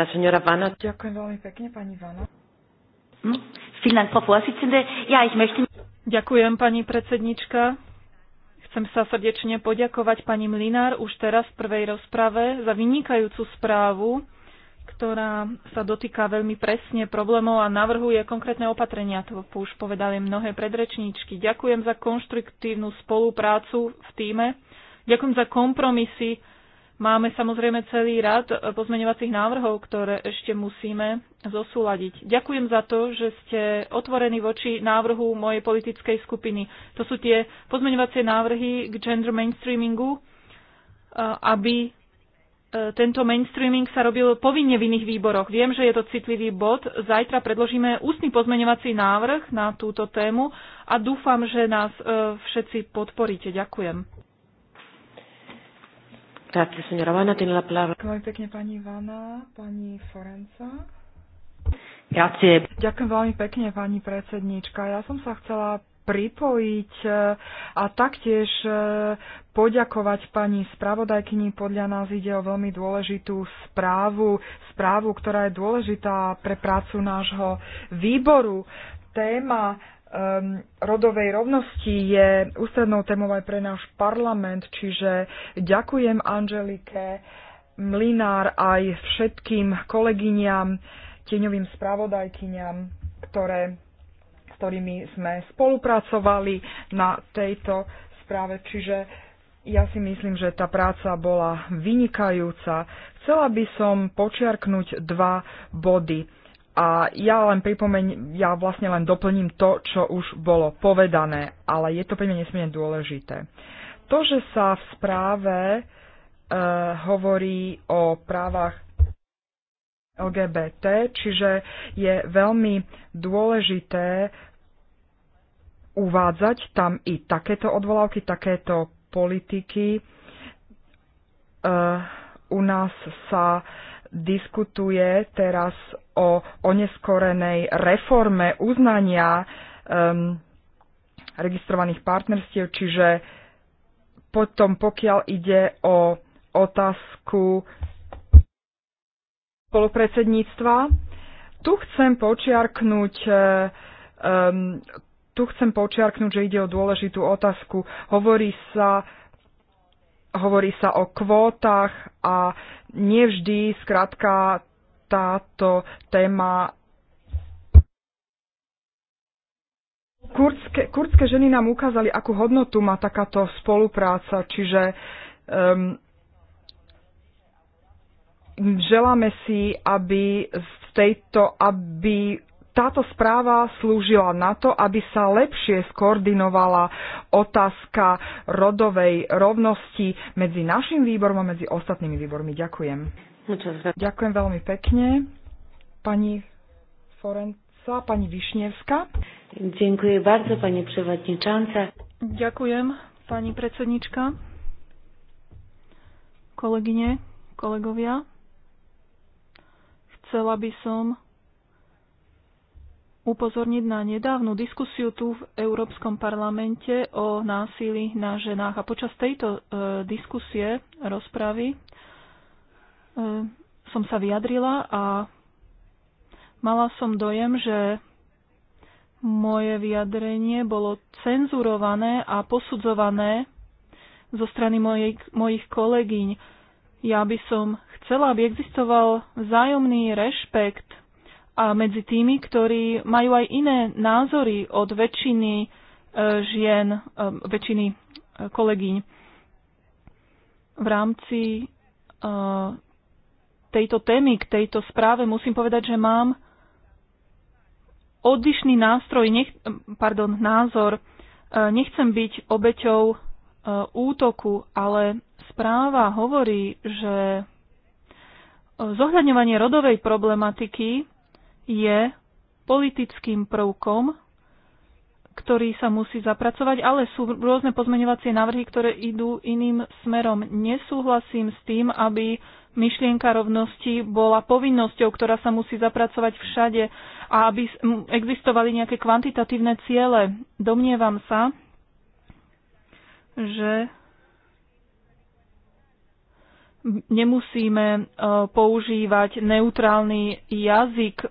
[SPEAKER 1] Ďakujem veľmi pekne, pani Vana.
[SPEAKER 3] Hm? Ďakujem, pani predsednička. Chcem sa srdečne poďakovať pani Mlinár už teraz v prvej rozprave za vynikajúcu správu ktorá sa dotýka veľmi presne problémov a navrhuje konkrétne opatrenia. To už povedali mnohé predrečníčky. Ďakujem za konštruktívnu spoluprácu v týme. Ďakujem za kompromisy. Máme samozrejme celý rad pozmeňovacích návrhov, ktoré ešte musíme zosúladiť. Ďakujem za to, že ste otvorení voči návrhu mojej politickej skupiny. To sú tie pozmeňovacie návrhy k gender mainstreamingu, aby E, tento mainstreaming sa robil povinne v iných výboroch. Viem, že je to citlivý bod. Zajtra predložíme ústny pozmeňovací návrh na túto tému a dúfam, že nás e, všetci
[SPEAKER 2] podporíte. Ďakujem.
[SPEAKER 3] Veľmi
[SPEAKER 2] pekne pani Vana, pani Forenca. Ďakujem veľmi pekne, pani predsedníčka. Ja som sa chcela pripojiť e, a taktiež e, poďakovať pani spravodajkyni. Podľa nás ide o veľmi dôležitú správu, správu, ktorá je dôležitá pre prácu nášho výboru. Téma rodovej rovnosti je ústrednou témou aj pre náš parlament, čiže ďakujem Angelike Mlinár aj všetkým kolegyňam, tieňovým spravodajkyňam, ktoré ktorými sme spolupracovali na tejto správe. Čiže ja si myslím, že tá práca bola vynikajúca. Chcela by som počiarknúť dva body. A ja len pripomeň, ja vlastne len doplním to, čo už bolo povedané, ale je to pre mňa nesmierne dôležité. To, že sa v správe e, hovorí o právach LGBT, čiže je veľmi dôležité uvádzať tam i takéto odvolávky, takéto politiky. Eh, u nás sa diskutuje teraz o oneskorenej reforme uznania um, registrovaných partnerstiev, čiže potom pokiaľ ide o otázku spolupredsedníctva, tu chcem počiarknúť um, tu chcem počiarknúť, že ide o dôležitú otázku. Hovorí sa, hovorí sa o kvótach a nevždy skrátka táto téma Kurdské, kurdské ženy nám ukázali, akú hodnotu má takáto spolupráca, čiže um, želáme si, aby z tejto, aby táto správa slúžila na to, aby sa lepšie skoordinovala otázka rodovej rovnosti medzi našim výborom a medzi ostatnými výbormi. Ďakujem. Ďakujem veľmi pekne. Pani Forenca, pani Višnevská. Ďakujem bardzo, pani przewodnicząca.
[SPEAKER 3] Ďakujem, pani predsednička. Kolegyne, kolegovia. Chcela by som upozorniť na nedávnu diskusiu tu v Európskom parlamente o násilí na ženách. A počas tejto e, diskusie, rozpravy, e, som sa vyjadrila a mala som dojem, že moje vyjadrenie bolo cenzurované a posudzované zo strany mojej, mojich kolegyň. Ja by som chcela, aby existoval vzájomný rešpekt a medzi tými, ktorí majú aj iné názory od väčšiny e, žien, e, väčšiny e, kolegyň. V rámci tejto témy, k tejto správe musím povedať, že mám odlišný nástroj, nech, pardon, názor. Nechcem byť obeťou útoku, ale správa hovorí, že zohľadňovanie rodovej problematiky je politickým prvkom, ktorý sa musí zapracovať, ale sú rôzne pozmeňovacie návrhy, ktoré idú iným smerom. Nesúhlasím s tým, aby myšlienka rovnosti bola povinnosťou, ktorá sa musí zapracovať všade a aby existovali nejaké kvantitatívne ciele. Domnievam sa, že nemusíme e, používať neutrálny jazyk, e,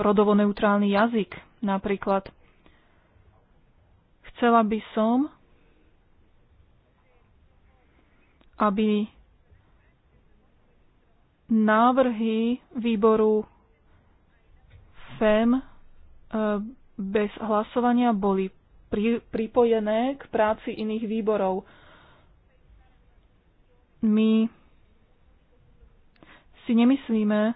[SPEAKER 3] rodovo neutrálny jazyk napríklad. Chcela by som, aby návrhy výboru FEM e, bez hlasovania boli pripojené k práci iných výborov. My si nemyslíme,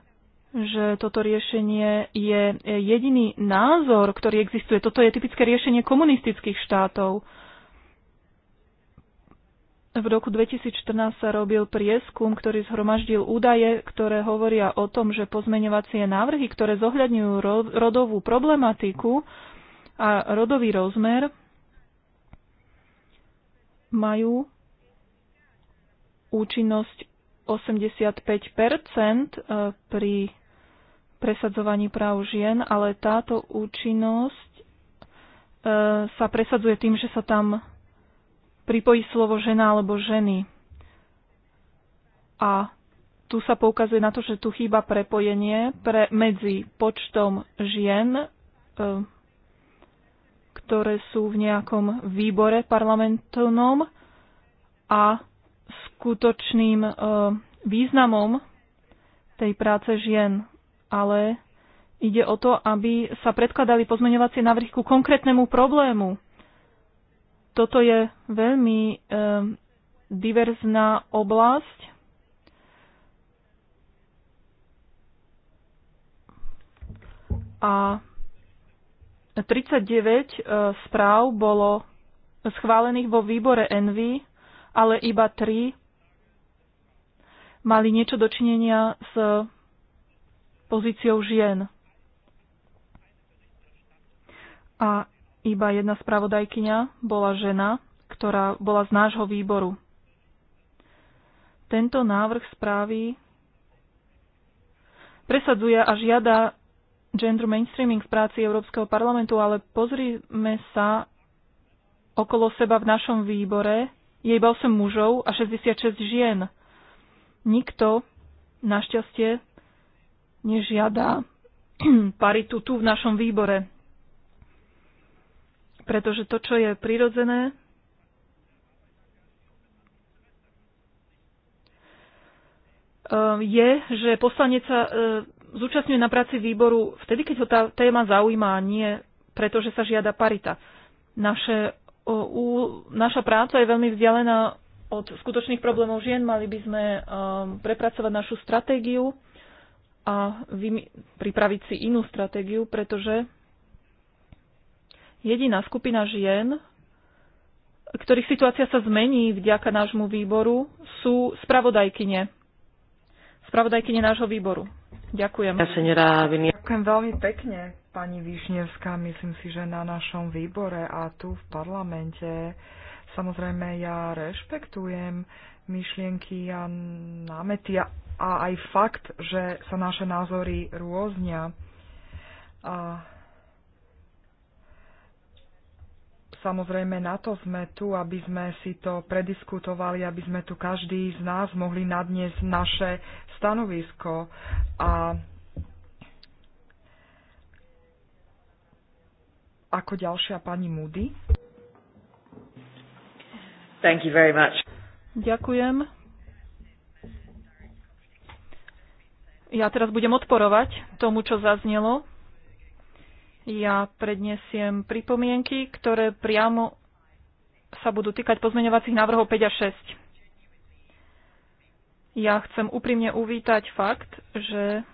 [SPEAKER 3] že toto riešenie je jediný názor, ktorý existuje. Toto je typické riešenie komunistických štátov. V roku 2014 sa robil prieskum, ktorý zhromaždil údaje, ktoré hovoria o tom, že pozmeňovacie návrhy, ktoré zohľadňujú rodovú problematiku a rodový rozmer, majú účinnosť 85 e, pri presadzovaní práv žien, ale táto účinnosť e, sa presadzuje tým, že sa tam pripojí slovo žena alebo ženy. A tu sa poukazuje na to, že tu chýba prepojenie pre, medzi počtom žien, e, ktoré sú v nejakom výbore parlamentnom a skutočným e, významom tej práce žien, ale ide o to, aby sa predkladali pozmeňovacie návrhy ku konkrétnemu problému. Toto je veľmi e, diverzná oblasť. A 39 e, správ bolo schválených vo výbore Envy ale iba tri mali niečo dočinenia s pozíciou žien. A iba jedna spravodajkyňa bola žena, ktorá bola z nášho výboru. Tento návrh správy presadzuje a žiada gender mainstreaming v práci Európskeho parlamentu, ale pozrime sa okolo seba v našom výbore je iba 8 mužov a 66 žien. Nikto, našťastie, nežiada paritu tu v našom výbore. Pretože to, čo je prirodzené, eh, je, že poslanec sa eh, zúčastňuje na práci výboru vtedy, keď ho tá téma zaujíma, nie preto, že sa žiada parita. Naše u, naša práca je veľmi vzdialená od skutočných problémov žien. Mali by sme um, prepracovať našu stratégiu a vymi- pripraviť si inú stratégiu, pretože jediná skupina žien, ktorých situácia sa zmení vďaka nášmu výboru, sú spravodajkyne.
[SPEAKER 2] Spravodajkyne nášho výboru. Ďakujem. Ďakujem veľmi pekne, pani Višnevská. Myslím si, že na našom výbore a tu v parlamente samozrejme ja rešpektujem myšlienky a námety a, a aj fakt, že sa naše názory rôznia. A samozrejme na to sme tu, aby sme si to prediskutovali, aby sme tu každý z nás mohli nadniesť naše stanovisko. A Ako ďalšia pani Moody.
[SPEAKER 1] Thank you very much.
[SPEAKER 2] Ďakujem.
[SPEAKER 3] Ja teraz budem odporovať tomu, čo zaznelo. Ja prednesiem pripomienky, ktoré priamo sa budú týkať pozmeňovacích návrhov 5 a 6. Ja chcem úprimne uvítať fakt, že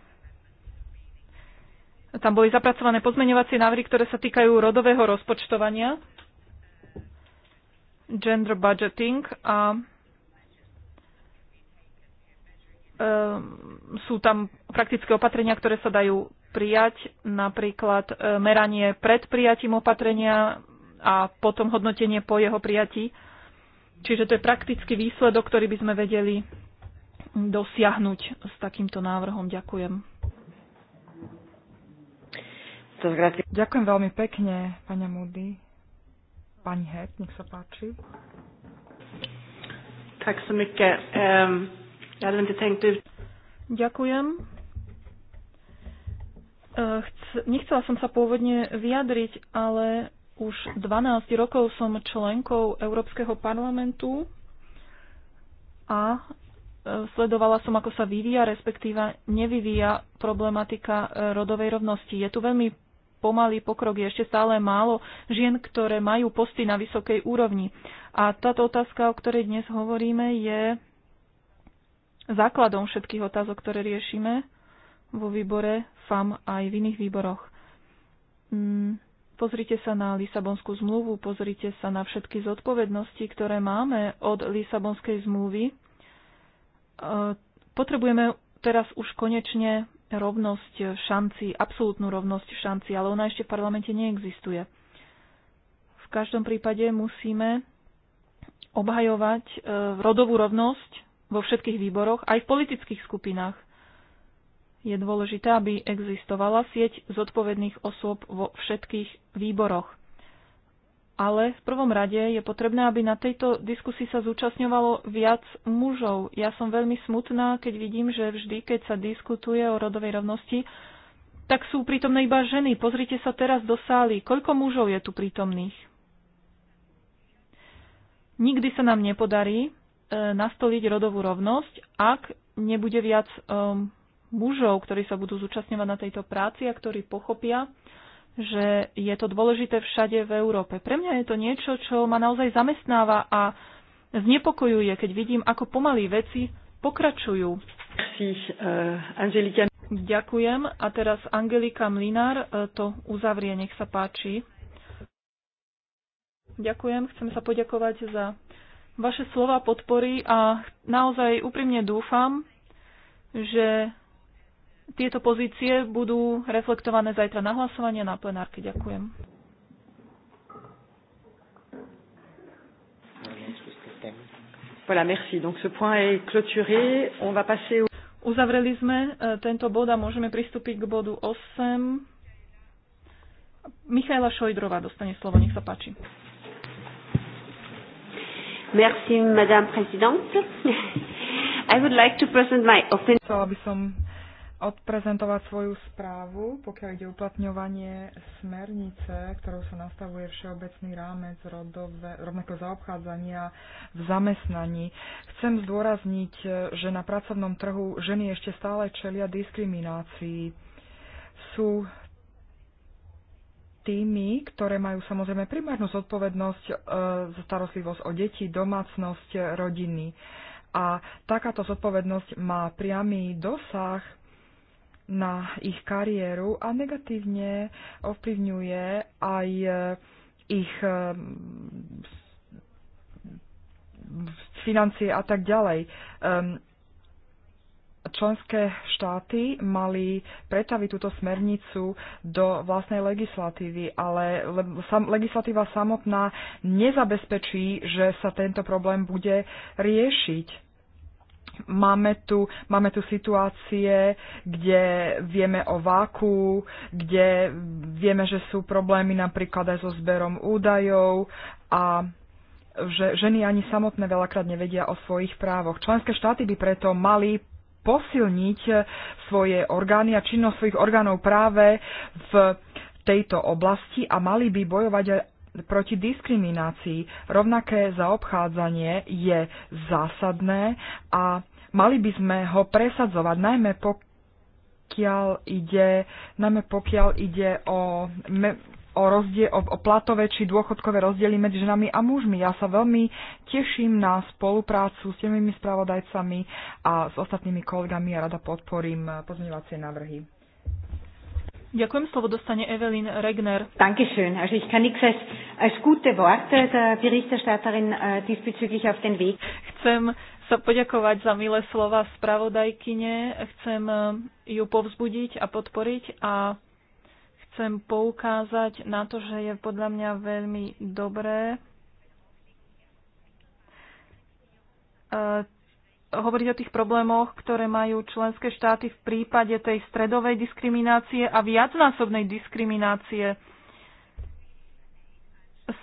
[SPEAKER 3] tam boli zapracované pozmeňovacie návrhy, ktoré sa týkajú rodového rozpočtovania, gender budgeting a ehm, sú tam praktické opatrenia, ktoré sa dajú prijať, napríklad e, meranie pred prijatím opatrenia a potom hodnotenie po jeho prijatí. Čiže to je praktický výsledok, ktorý by sme vedeli dosiahnuť s takýmto návrhom. Ďakujem.
[SPEAKER 1] Ďakujem
[SPEAKER 2] veľmi pekne, pani Moody. Pani Hed, nech sa páči.
[SPEAKER 1] Tak så ehm,
[SPEAKER 3] Ďakujem. Eh, nechcela som sa pôvodne vyjadriť, ale už 12 rokov som členkou Európskeho parlamentu a eh, sledovala som, ako sa vyvíja, respektíva nevyvíja problematika eh, rodovej rovnosti. Je tu veľmi pomalý pokrok, je ešte stále málo žien, ktoré majú posty na vysokej úrovni. A táto otázka, o ktorej dnes hovoríme, je základom všetkých otázok, ktoré riešime vo výbore FAM aj v iných výboroch. Mm, pozrite sa na Lisabonskú zmluvu, pozrite sa na všetky zodpovednosti, ktoré máme od Lisabonskej zmluvy. E, potrebujeme teraz už konečne rovnosť šanci, absolútnu rovnosť šanci, ale ona ešte v parlamente neexistuje. V každom prípade musíme obhajovať e, rodovú rovnosť vo všetkých výboroch, aj v politických skupinách. Je dôležité, aby existovala sieť zodpovedných osôb vo všetkých výboroch ale v prvom rade je potrebné, aby na tejto diskusii sa zúčastňovalo viac mužov. Ja som veľmi smutná, keď vidím, že vždy, keď sa diskutuje o rodovej rovnosti, tak sú prítomné iba ženy. Pozrite sa teraz do sály. Koľko mužov je tu prítomných? Nikdy sa nám nepodarí e, nastoliť rodovú rovnosť, ak nebude viac um, mužov, ktorí sa budú zúčastňovať na tejto práci a ktorí pochopia, že je to dôležité všade v Európe. Pre mňa je to niečo, čo ma naozaj zamestnáva a znepokojuje, keď vidím, ako pomaly veci pokračujú. Eh, Ďakujem. A teraz Angelika Mlinár eh, to uzavrie, nech sa páči. Ďakujem. Chcem sa poďakovať za vaše slova podpory a naozaj úprimne dúfam, že tieto pozície budú reflektované zajtra na hlasovanie na plenárke.
[SPEAKER 1] Ďakujem. Uzavreli
[SPEAKER 3] sme e, tento bod a môžeme pristúpiť k bodu 8. Michaela Šojdrová dostane slovo, nech sa páči.
[SPEAKER 2] Merci, madame présidente.
[SPEAKER 4] I would like to present my opinion.
[SPEAKER 2] Chcela by som odprezentovať svoju správu, pokiaľ ide uplatňovanie smernice, ktorou sa nastavuje všeobecný rámec rodové, rovnako zaobchádzania v zamestnaní. Chcem zdôrazniť, že na pracovnom trhu ženy ešte stále čelia diskriminácii. Sú tými, ktoré majú samozrejme primárnu zodpovednosť e, za starostlivosť o deti, domácnosť, rodiny. A takáto zodpovednosť má priamy dosah na ich kariéru a negatívne ovplyvňuje aj eh, ich eh, financie a tak ďalej. Ehm, členské štáty mali pretaviť túto smernicu do vlastnej legislatívy, ale legislatíva samotná nezabezpečí, že sa tento problém bude riešiť Máme tu, máme tu situácie, kde vieme o váku, kde vieme, že sú problémy napríklad aj so zberom údajov a že ženy ani samotné veľakrát nevedia o svojich právoch. Členské štáty by preto mali posilniť svoje orgány a činnosť svojich orgánov práve v tejto oblasti a mali by bojovať proti diskriminácii. Rovnaké zaobchádzanie je zásadné a mali by sme ho presadzovať, najmä pokiaľ ide, najmä pokiaľ ide o, me, o, rozdiel, o, o platové či dôchodkové rozdiely medzi ženami a mužmi. Ja sa veľmi teším na spoluprácu s tými spravodajcami a s ostatnými kolegami a rada podporím
[SPEAKER 4] pozmeňovacie návrhy.
[SPEAKER 3] Ďakujem, slovo dostane Evelyn Regner.
[SPEAKER 4] Dankeschön. Also ich kann nichts als, als gute Worte der Berichterstatterin äh, diesbezüglich auf den Weg. Chcem
[SPEAKER 3] sa poďakovať za milé slova
[SPEAKER 4] spravodajkyne,
[SPEAKER 3] chcem äh, ju povzbudiť a podporiť a chcem poukázať na to, že je podľa mňa veľmi dobré äh, hovoriť o tých problémoch, ktoré majú členské štáty v prípade tej stredovej diskriminácie a viacnásobnej diskriminácie.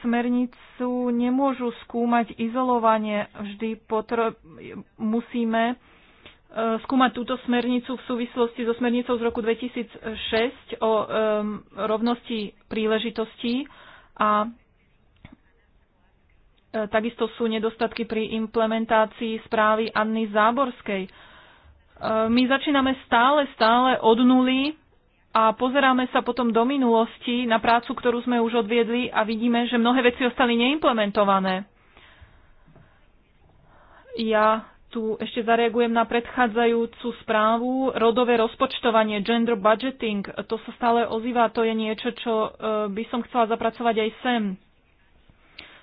[SPEAKER 3] Smernicu nemôžu skúmať izolovanie. Vždy potr- musíme e, skúmať túto smernicu v súvislosti so smernicou z roku 2006 o um, rovnosti príležitostí a E, takisto sú nedostatky pri implementácii správy Anny Záborskej. E, my začíname stále, stále od nuly a pozeráme sa potom do minulosti na prácu, ktorú sme už odviedli a vidíme, že mnohé veci ostali neimplementované. Ja tu ešte zareagujem na predchádzajúcu správu. Rodové rozpočtovanie, gender budgeting, to sa stále ozýva, to je niečo, čo e, by som chcela zapracovať aj sem.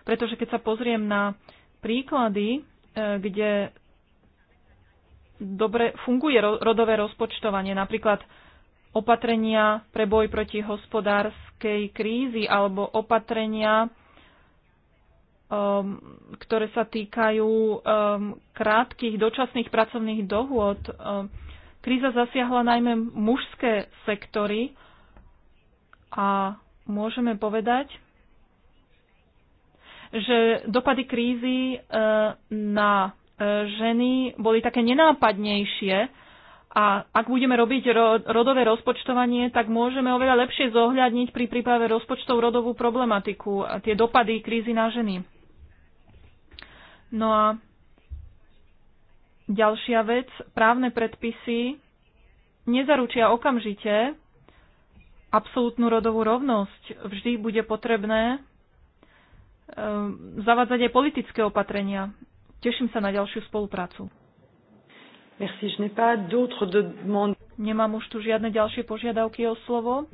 [SPEAKER 3] Pretože keď sa pozriem na príklady, e, kde dobre funguje rodové rozpočtovanie, napríklad opatrenia pre boj proti hospodárskej krízi alebo opatrenia, um, ktoré sa týkajú um, krátkých dočasných pracovných dohôd. Um, kríza zasiahla najmä mužské sektory a môžeme povedať, že dopady krízy e, na e, ženy boli také nenápadnejšie a ak budeme robiť rodové rozpočtovanie, tak môžeme oveľa lepšie zohľadniť pri príprave rozpočtov rodovú problematiku a tie dopady krízy na ženy. No a ďalšia vec, právne predpisy nezaručia okamžite absolútnu rodovú rovnosť. Vždy bude potrebné Ehm, zavádzať aj politické opatrenia. Teším sa na ďalšiu spoluprácu. Merci, je pas de... Nemám už tu žiadne ďalšie požiadavky o slovo.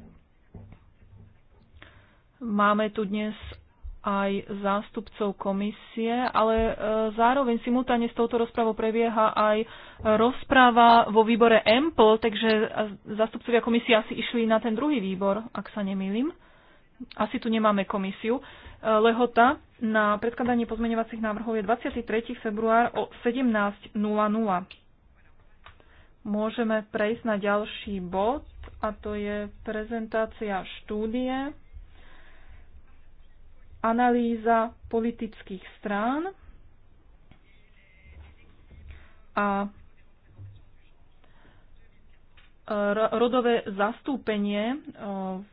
[SPEAKER 3] Máme tu dnes aj zástupcov komisie, ale e, zároveň simultáne s touto rozprávou prebieha aj rozpráva vo výbore EMPL, takže e, zástupcovia komisie asi išli na ten druhý výbor, ak sa nemýlim. Asi tu nemáme komisiu. Lehota na predkladanie pozmeňovacích návrhov je 23. február o 17.00. Môžeme prejsť na ďalší bod a to je prezentácia štúdie analýza politických strán a e, rodové zastúpenie e,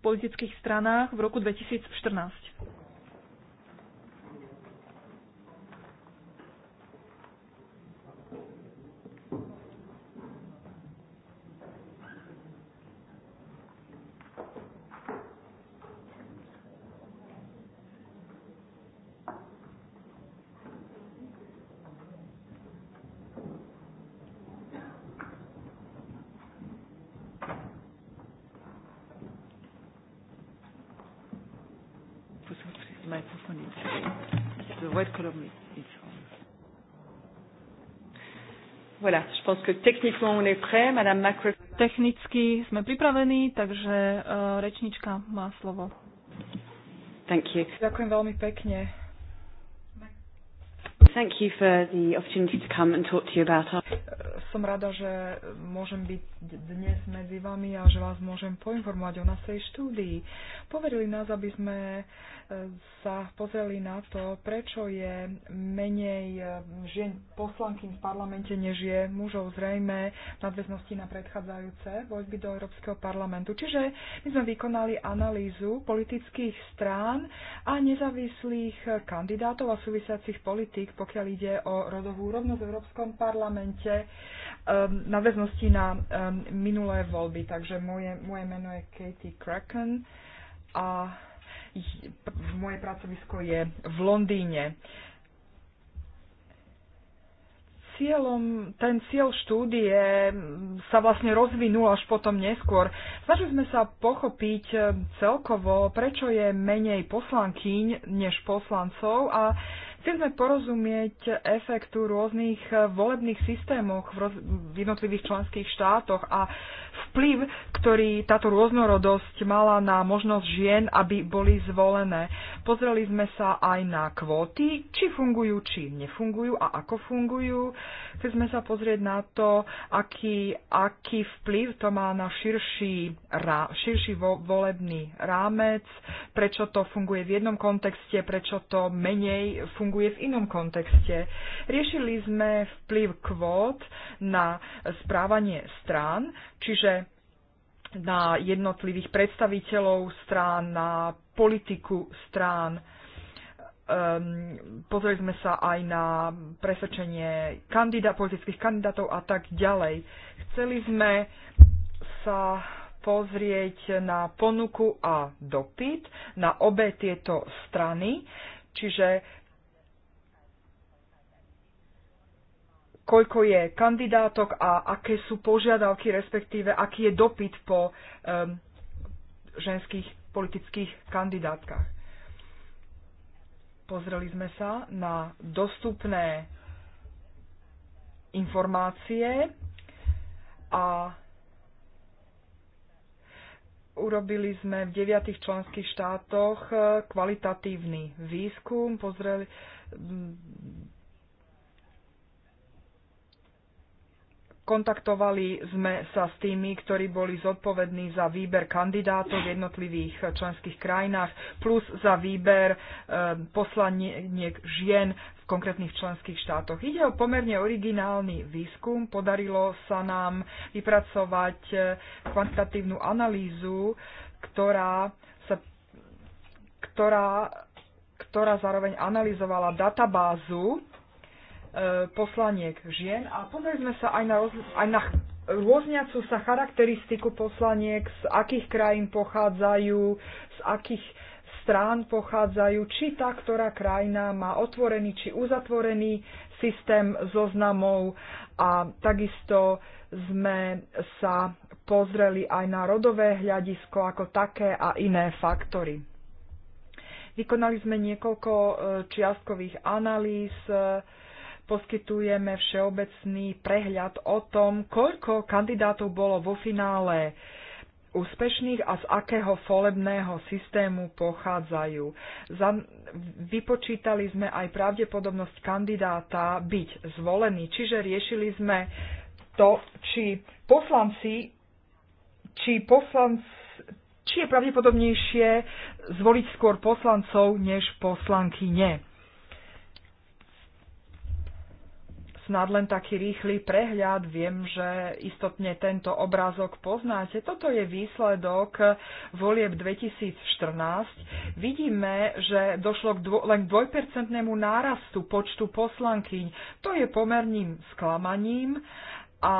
[SPEAKER 3] politických stranách v roku 2014. pense que techniquement on est prêt. Madame Macron. Technicky sme pripravení, takže uh, rečnička má slovo. Thank you. Ďakujem veľmi
[SPEAKER 1] pekne. Thank you for the opportunity to come and talk to you about our
[SPEAKER 2] som rada, že môžem byť dnes medzi vami a že vás môžem poinformovať o našej štúdii. Poverili nás, aby sme e, sa pozreli na to, prečo je menej e, žien poslanky v parlamente, než je mužov zrejme v nadväznosti na predchádzajúce voľby do Európskeho parlamentu. Čiže my sme vykonali analýzu politických strán a nezávislých kandidátov a súvisiacich politík, pokiaľ ide o rodovú rovnosť v Európskom parlamente parlamente. Um, nadväznosti na um, minulé voľby. Takže moje, moje meno je Katie Kraken a moje pracovisko je v Londýne. Cieľom, ten cieľ štúdie sa vlastne rozvinul až potom neskôr. Snažili sme sa pochopiť um, celkovo, prečo je menej poslankyň než poslancov a sme porozumieť efektu rôznych eh, volebných systémoch v jednotlivých členských štátoch a vplyv, ktorý táto rôznorodosť mala na možnosť žien, aby boli zvolené. Pozreli sme sa aj na kvóty, či fungujú, či nefungujú a ako fungujú. Chceli sme sa pozrieť na to, aký, aký vplyv to má na širší, širší vo, volebný rámec, prečo to funguje v jednom kontexte, prečo to menej funguje funguje v inom kontexte. Riešili sme vplyv kvót na správanie strán, čiže na jednotlivých predstaviteľov strán, na politiku strán. Um, pozreli sme sa aj na presvedčenie kandidá, politických kandidátov a tak ďalej. Chceli sme sa pozrieť na ponuku a dopyt na obe tieto strany, čiže koľko je kandidátok a aké sú požiadavky, respektíve aký je dopyt po um, ženských politických kandidátkach. Pozreli sme sa na dostupné informácie a urobili sme v deviatých členských štátoch eh, kvalitatívny výskum, pozreli, Kontaktovali sme sa s tými, ktorí boli zodpovední za výber kandidátov v jednotlivých eh, členských krajinách, plus za výber eh, poslaniek žien v konkrétnych členských štátoch. Ide o pomerne originálny výskum. Podarilo sa nám vypracovať eh, kvantitatívnu analýzu, ktorá, sa, ktorá, ktorá zároveň analyzovala databázu E, poslaniek žien a pozrieme sa aj na, roz, aj na rôzniacu sa charakteristiku poslaniek, z akých krajín pochádzajú, z akých strán pochádzajú, či tá, ktorá krajina má otvorený či uzatvorený systém zoznamov a takisto sme sa pozreli aj na rodové hľadisko ako také a iné faktory. Vykonali sme niekoľko e, čiastkových analýz, poskytujeme všeobecný prehľad o tom, koľko kandidátov bolo vo finále úspešných a z akého volebného systému pochádzajú. Za, vypočítali sme aj pravdepodobnosť kandidáta byť zvolený, čiže riešili sme to, či poslanci, či poslanci či je pravdepodobnejšie zvoliť skôr poslancov než poslankyne. snad len taký rýchly prehľad. Viem, že istotne tento obrázok poznáte. Toto je výsledok volieb 2014. Vidíme, že došlo k dvo- len k dvojpercentnému nárastu počtu poslankyň. To je pomerným sklamaním a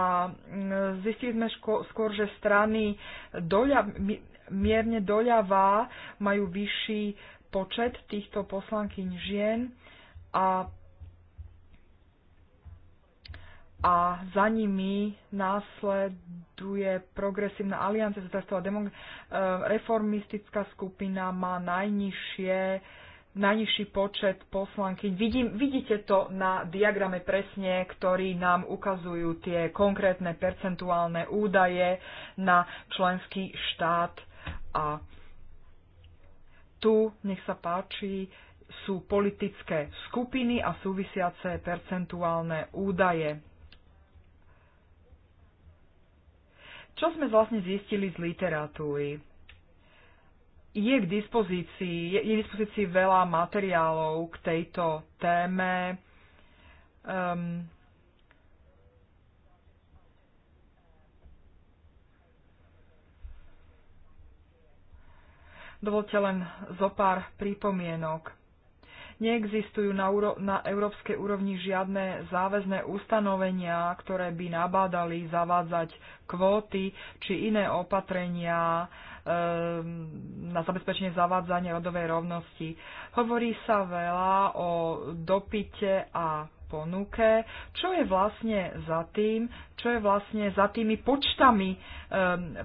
[SPEAKER 2] zistili sme skôr, že strany doľa- mierne doľavá majú vyšší počet týchto poslankyň žien a a za nimi následuje progresívna aliancia sociálstva demok- e, reformistická skupina má najnižšie najnižší počet poslanky. Vidím, vidíte to na diagrame presne, ktorý nám ukazujú tie konkrétne percentuálne údaje na členský štát. A tu, nech sa páči, sú politické skupiny a súvisiace percentuálne údaje. Čo sme vlastne zistili z literatúry? Je k dispozícii, je, je k dispozícii veľa materiálov k tejto téme. Um, Dovolte len zo pár pripomienok. Neexistujú na, úro- na európskej úrovni žiadne záväzné ustanovenia, ktoré by nabádali zavádzať kvóty či iné opatrenia ehm, na zabezpečenie zavádzania rodovej rovnosti. Hovorí sa veľa o dopite a ponuke, čo je vlastne za tým, čo je vlastne za tými počtami ehm,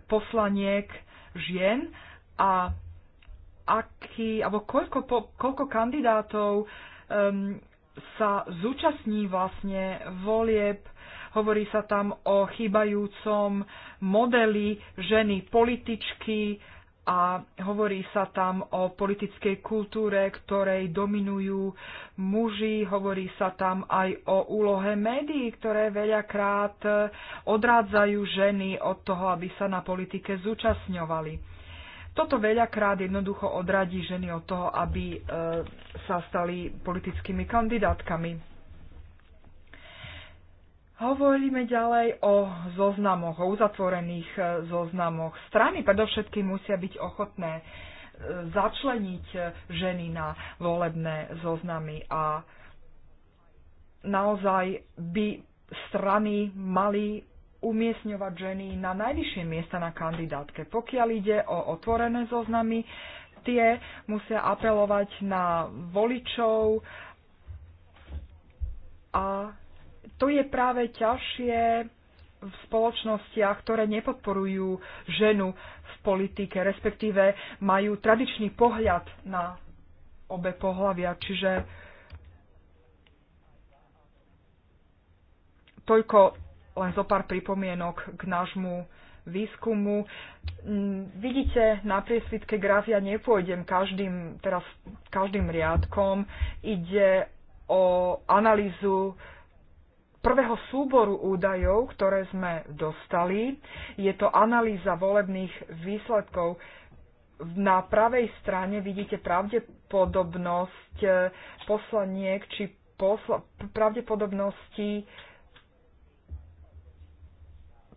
[SPEAKER 2] poslaniek žien a aký, alebo koľko, po, koľko kandidátov um, sa zúčastní vlastne volieb. Hovorí sa tam o chýbajúcom modeli ženy političky a hovorí sa tam o politickej kultúre, ktorej dominujú muži, hovorí sa tam aj o úlohe médií, ktoré veľakrát odrádzajú ženy od toho, aby sa na politike zúčastňovali. Toto veľakrát jednoducho odradí ženy od toho, aby e, sa stali politickými kandidátkami. Hovoríme ďalej o zoznamoch, o uzatvorených e, zoznamoch. Strany predovšetkým musia byť ochotné e, začleniť ženy na volebné zoznamy a naozaj by strany mali umiestňovať ženy na najvyššie miesta na kandidátke. Pokiaľ ide o otvorené zoznamy, tie musia apelovať na voličov a to je práve ťažšie v spoločnostiach, ktoré nepodporujú ženu v politike, respektíve majú tradičný pohľad na obe pohľavia. Čiže toľko len zo pár pripomienok k nášmu výskumu. Mm, vidíte na priesvitke graf, ja nepôjdem každým, teraz každým riadkom. Ide o analýzu prvého súboru údajov, ktoré sme dostali. Je to analýza volebných výsledkov. Na pravej strane vidíte pravdepodobnosť eh, poslaniek či posla, pravdepodobnosti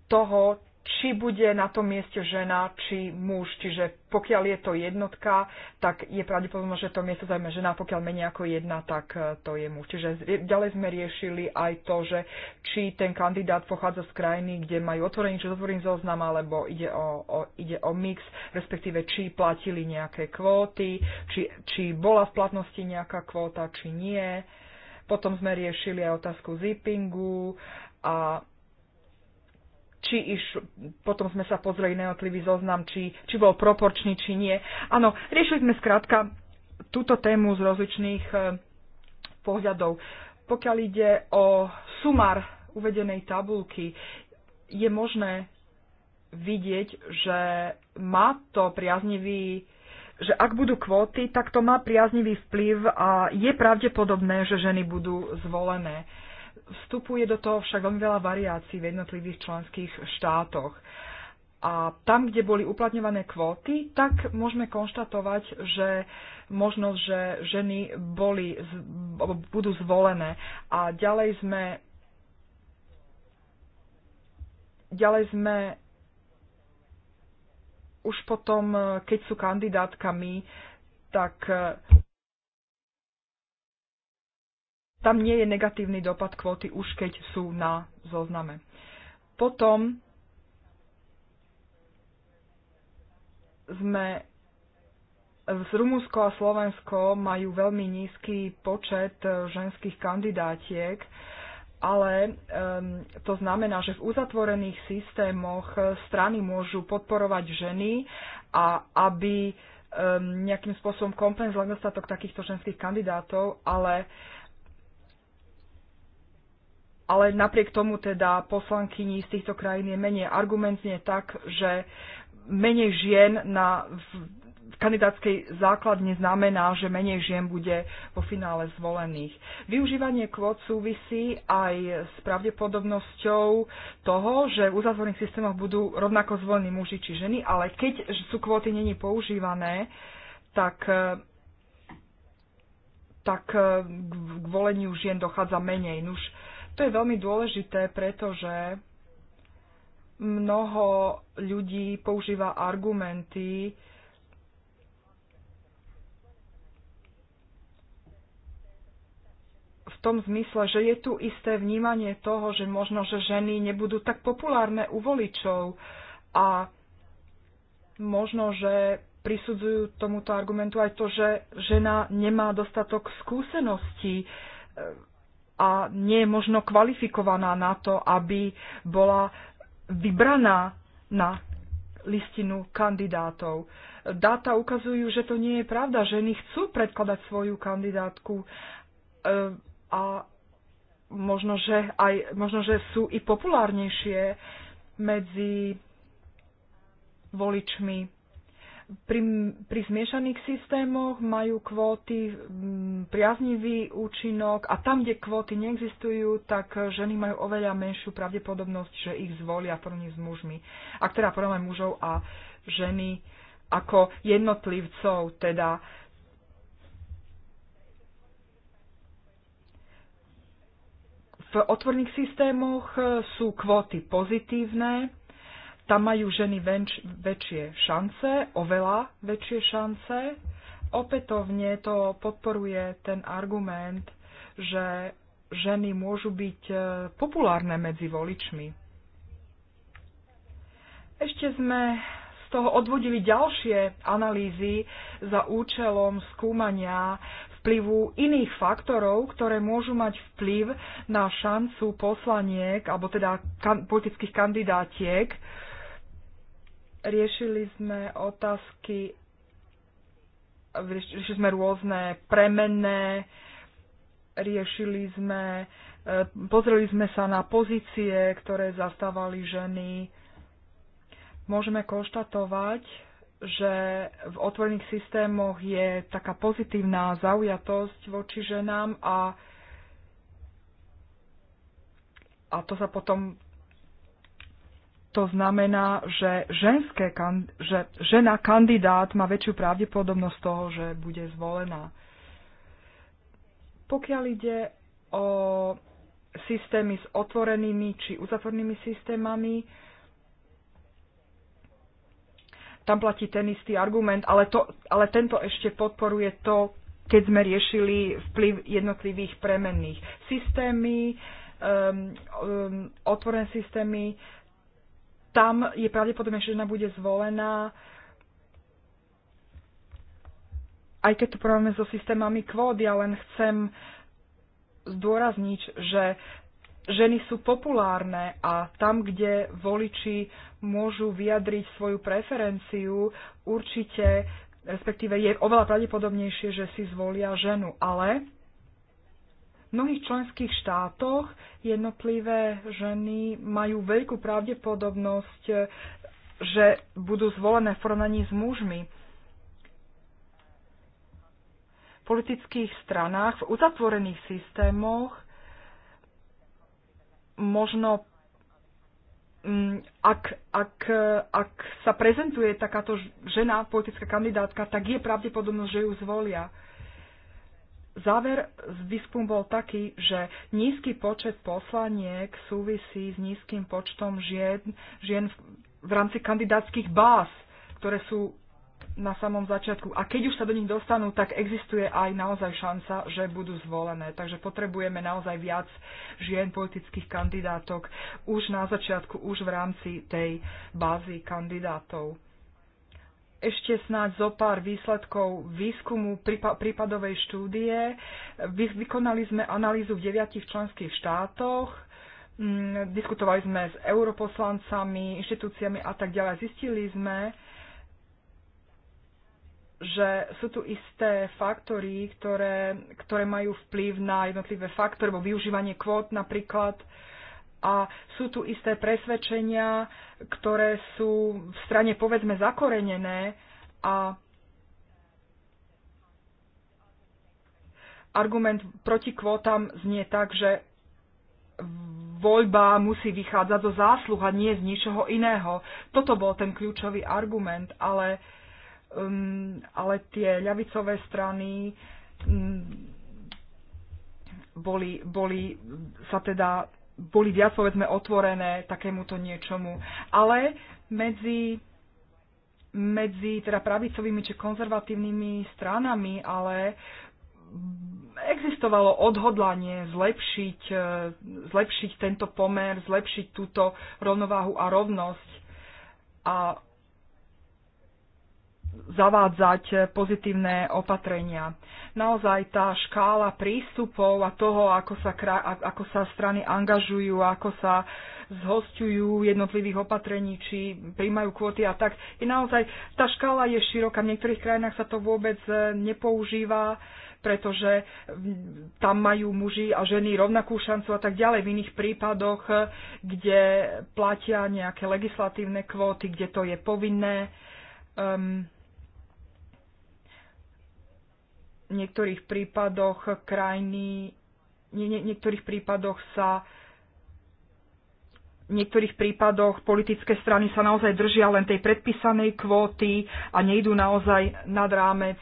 [SPEAKER 2] toho, či bude na tom mieste žena, či muž. Čiže pokiaľ je to jednotka, tak je pravdepodobné, že to miesto zajme žena, pokiaľ menej ako jedna, tak eh, to je muž. Čiže ďalej sme riešili aj to, že či ten kandidát pochádza z krajiny, kde majú otvorený či otvorený zoznam, alebo ide o, o, ide o mix, respektíve či platili nejaké kvóty, či, či bola v platnosti nejaká kvóta, či nie. Potom sme riešili aj otázku zippingu a či iš, potom sme sa pozreli na jednotlivý zoznam, či, či bol proporčný, či nie. Áno, riešili sme skrátka túto tému z rozličných e, pohľadov. Pokiaľ ide o sumár uvedenej tabulky, je možné vidieť, že má to priaznivý že ak budú kvóty, tak to má priaznivý vplyv a je pravdepodobné, že ženy budú zvolené vstupuje do toho však veľmi veľa variácií v jednotlivých členských štátoch. A tam, kde boli uplatňované kvóty, tak môžeme konštatovať, že možnosť, že ženy boli, budú zvolené. A ďalej sme ďalej sme už potom, keď sú kandidátkami, tak tam nie je negatívny dopad kvóty, už keď sú na zozname. Potom sme z Rumunsko a Slovensko majú veľmi nízky počet e, ženských kandidátiek, ale um, to znamená, že v uzatvorených systémoch e, strany môžu podporovať ženy a aby um, nejakým spôsobom kompenzovali dostatok takýchto ženských kandidátov, ale uh, ale napriek tomu teda poslankyní z týchto krajín je menej argumentne tak, že menej žien na v kandidátskej základne znamená, že menej žien bude vo finále zvolených. Využívanie kvót súvisí aj s pravdepodobnosťou toho, že v uzatvorených systémoch budú rovnako zvolení muži či ženy, ale keď sú kvóty není používané, tak tak k voleniu žien dochádza menej. Nuž, uh, to je veľmi dôležité, pretože mnoho ľudí používa argumenty, v tom zmysle, že je tu isté vnímanie toho, že možno, že ženy nebudú tak populárne u voličov a možno, že prisudzujú tomuto argumentu aj to, že žena nemá dostatok skúseností a nie je možno kvalifikovaná na to, aby bola vybraná na listinu kandidátov. Dáta ukazujú, že to nie je pravda. Ženy chcú predkladať svoju kandidátku e, a možno, že, aj, možno, že sú i populárnejšie medzi voličmi pri, pri zmiešaných systémoch majú kvóty priaznivý účinok a tam, kde kvóty neexistujú, tak ženy majú oveľa menšiu pravdepodobnosť, že ich zvolia v porovnaní s mužmi. a teda porovnáme mužov a ženy ako jednotlivcov, teda v otvorných systémoch eh, sú kvóty pozitívne, tam majú ženy venč, väčšie šance, oveľa väčšie šance. Opätovne to podporuje ten argument, že ženy môžu byť e, populárne medzi voličmi. Ešte sme z toho odvodili ďalšie analýzy za účelom skúmania vplyvu iných faktorov, ktoré môžu mať vplyv na šancu poslaniek, alebo teda kan- politických kandidátiek Riešili sme otázky, riešili sme rôzne premenné, riešili sme, e, pozreli sme sa na pozície, ktoré zastávali ženy. Môžeme konštatovať, že v otvorených systémoch je taká pozitívna zaujatosť voči ženám a a to sa potom to znamená, že, ženské, že žena kandidát má väčšiu pravdepodobnosť toho, že bude zvolená. Pokiaľ ide o systémy s otvorenými či uzatvornými systémami, tam platí ten istý argument, ale, to, ale tento ešte podporuje to, keď sme riešili vplyv jednotlivých premenných. Systémy, um, um, otvorené systémy tam je pravdepodobne, že žena bude zvolená, aj keď to porovnáme so systémami kvót, ja len chcem zdôrazniť, že ženy sú populárne a tam, kde voliči môžu vyjadriť svoju preferenciu, určite, respektíve je oveľa pravdepodobnejšie, že si zvolia ženu. Ale v mnohých členských štátoch jednotlivé ženy majú veľkú pravdepodobnosť, že budú zvolené v porovnaní s mužmi. V politických stranách, v uzatvorených systémoch možno mm, ak, ak, ak sa prezentuje takáto žena, politická kandidátka, tak je pravdepodobnosť, že ju zvolia. Záver z biskum bol taký, že nízky počet poslaniek súvisí s nízkym počtom žien, žien v, v rámci kandidátskych báz, ktoré sú na samom začiatku. A keď už sa do nich dostanú, tak existuje aj naozaj šanca, že budú zvolené. Takže potrebujeme naozaj viac žien politických kandidátok už na začiatku, už v rámci tej bázy kandidátov ešte snáď zo pár výsledkov výskumu prípadovej štúdie. Vykonali sme analýzu v deviatich členských štátoch, mm, diskutovali sme s europoslancami, inštitúciami a tak ďalej. Zistili sme, že sú tu isté faktory, ktoré, ktoré majú vplyv na jednotlivé faktory, alebo využívanie kvót napríklad. Uh, a sú tu isté presvedčenia, ktoré sú v strane povedzme zakorenené a argument proti kvótam znie tak, že voľba musí vychádzať zo zásluh a nie z ničoho iného. Toto bol ten kľúčový argument, ale, um, ale tie ľavicové strany um, boli, boli, sa teda boli viac povedzme otvorené takémuto niečomu. Ale medzi, medzi teda pravicovými či konzervatívnymi stranami, ale existovalo odhodlanie zlepšiť, e, zlepšiť tento pomer, zlepšiť túto rovnováhu a rovnosť. A zavádzať pozitívne opatrenia. Naozaj tá škála prístupov a toho, ako sa, ako sa strany angažujú, ako sa zhostujú jednotlivých opatrení, či príjmajú kvóty a tak, je naozaj, tá škála je široká. V niektorých krajinách sa to vôbec nepoužíva pretože mm, tam majú muži a ženy rovnakú šancu a tak ďalej. V iných prípadoch, kde platia nejaké legislatívne kvóty, kde to je povinné, um, niektorých prípadoch krajiny, nie, nie, niektorých prípadoch sa v niektorých prípadoch politické strany sa naozaj držia len tej predpísanej kvóty a nejdú naozaj nad rámec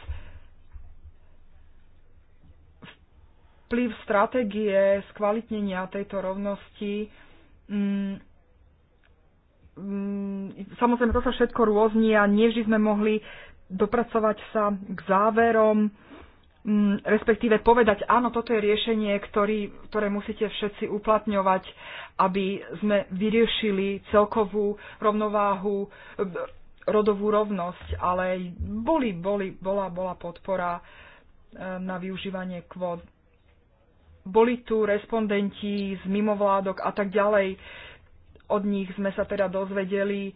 [SPEAKER 2] vplyv stratégie skvalitnenia tejto rovnosti. Mm, mm, samozrejme, to sa všetko rôzni a nevždy sme mohli dopracovať sa k záverom Mm, respektíve povedať, áno, toto je riešenie, ktorý, ktoré musíte všetci uplatňovať, aby sme vyriešili celkovú rovnováhu, eh, rodovú rovnosť, ale boli, boli, bola, bola podpora eh, na využívanie kvót. Boli tu respondenti z mimovládok a tak ďalej. Od nich sme sa teda dozvedeli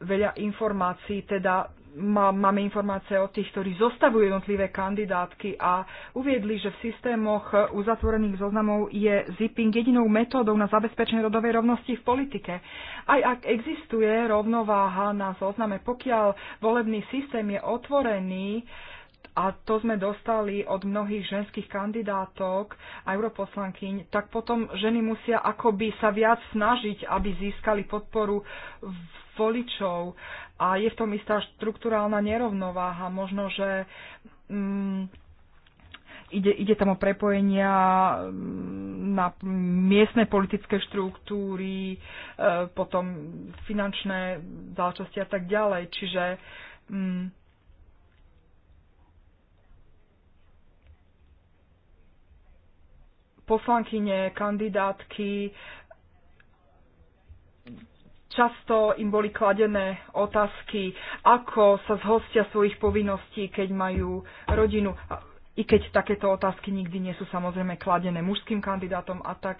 [SPEAKER 2] veľa informácií, teda má, máme informácie o tých, ktorí zostavujú jednotlivé kandidátky a uviedli, že v systémoch uzatvorených zoznamov je zipping jedinou metódou na zabezpečenie rodovej rovnosti v politike. Aj ak existuje rovnováha na zozname, pokiaľ volebný systém je otvorený, a to sme dostali od mnohých ženských kandidátok a europoslankyň, tak potom ženy musia akoby sa viac snažiť, aby získali podporu voličov a je v tom istá štruktúrálna nerovnováha. Možno, že mm, ide, ide tam o prepojenia mm, na miestne politické štruktúry, e, potom finančné záležitosti a tak ďalej. Čiže mm, poslankyne, kandidátky Často im boli kladené otázky, ako sa zhostia svojich povinností, keď majú rodinu. I keď takéto otázky nikdy nie sú samozrejme kladené mužským kandidátom a tak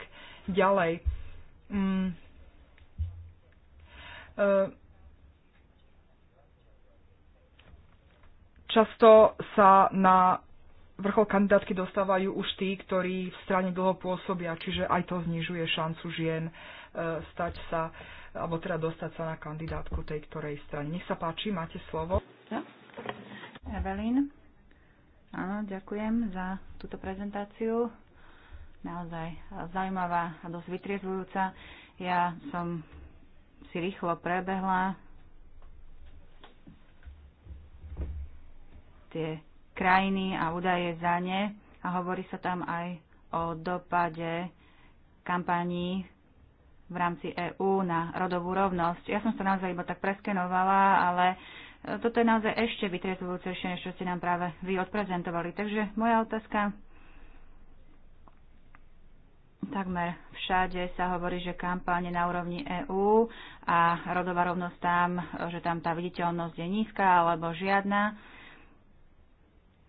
[SPEAKER 2] ďalej. Mm. E, často sa na vrchol kandidátky dostávajú už tí, ktorí v strane dlho pôsobia, čiže aj to znižuje šancu žien e, stať sa alebo teda dostať sa na kandidátku tej ktorej strany. Nech sa páči, máte slovo.
[SPEAKER 4] Ja. Evelyn. Áno, ďakujem za túto prezentáciu. Naozaj zaujímavá a dosť vytriezvujúca. Ja som si rýchlo prebehla tie krajiny a údaje za ne a hovorí sa tam aj o dopade kampaní v rámci EÚ na rodovú rovnosť. Ja som sa naozaj iba tak preskenovala, ale e, toto je naozaj ešte vytriezvujúcejšie, než čo ste nám práve vy odprezentovali. Takže moja otázka. Takmer všade sa hovorí, že kampáne na úrovni EÚ a rodová rovnosť tam, že tam tá viditeľnosť je nízka alebo žiadna.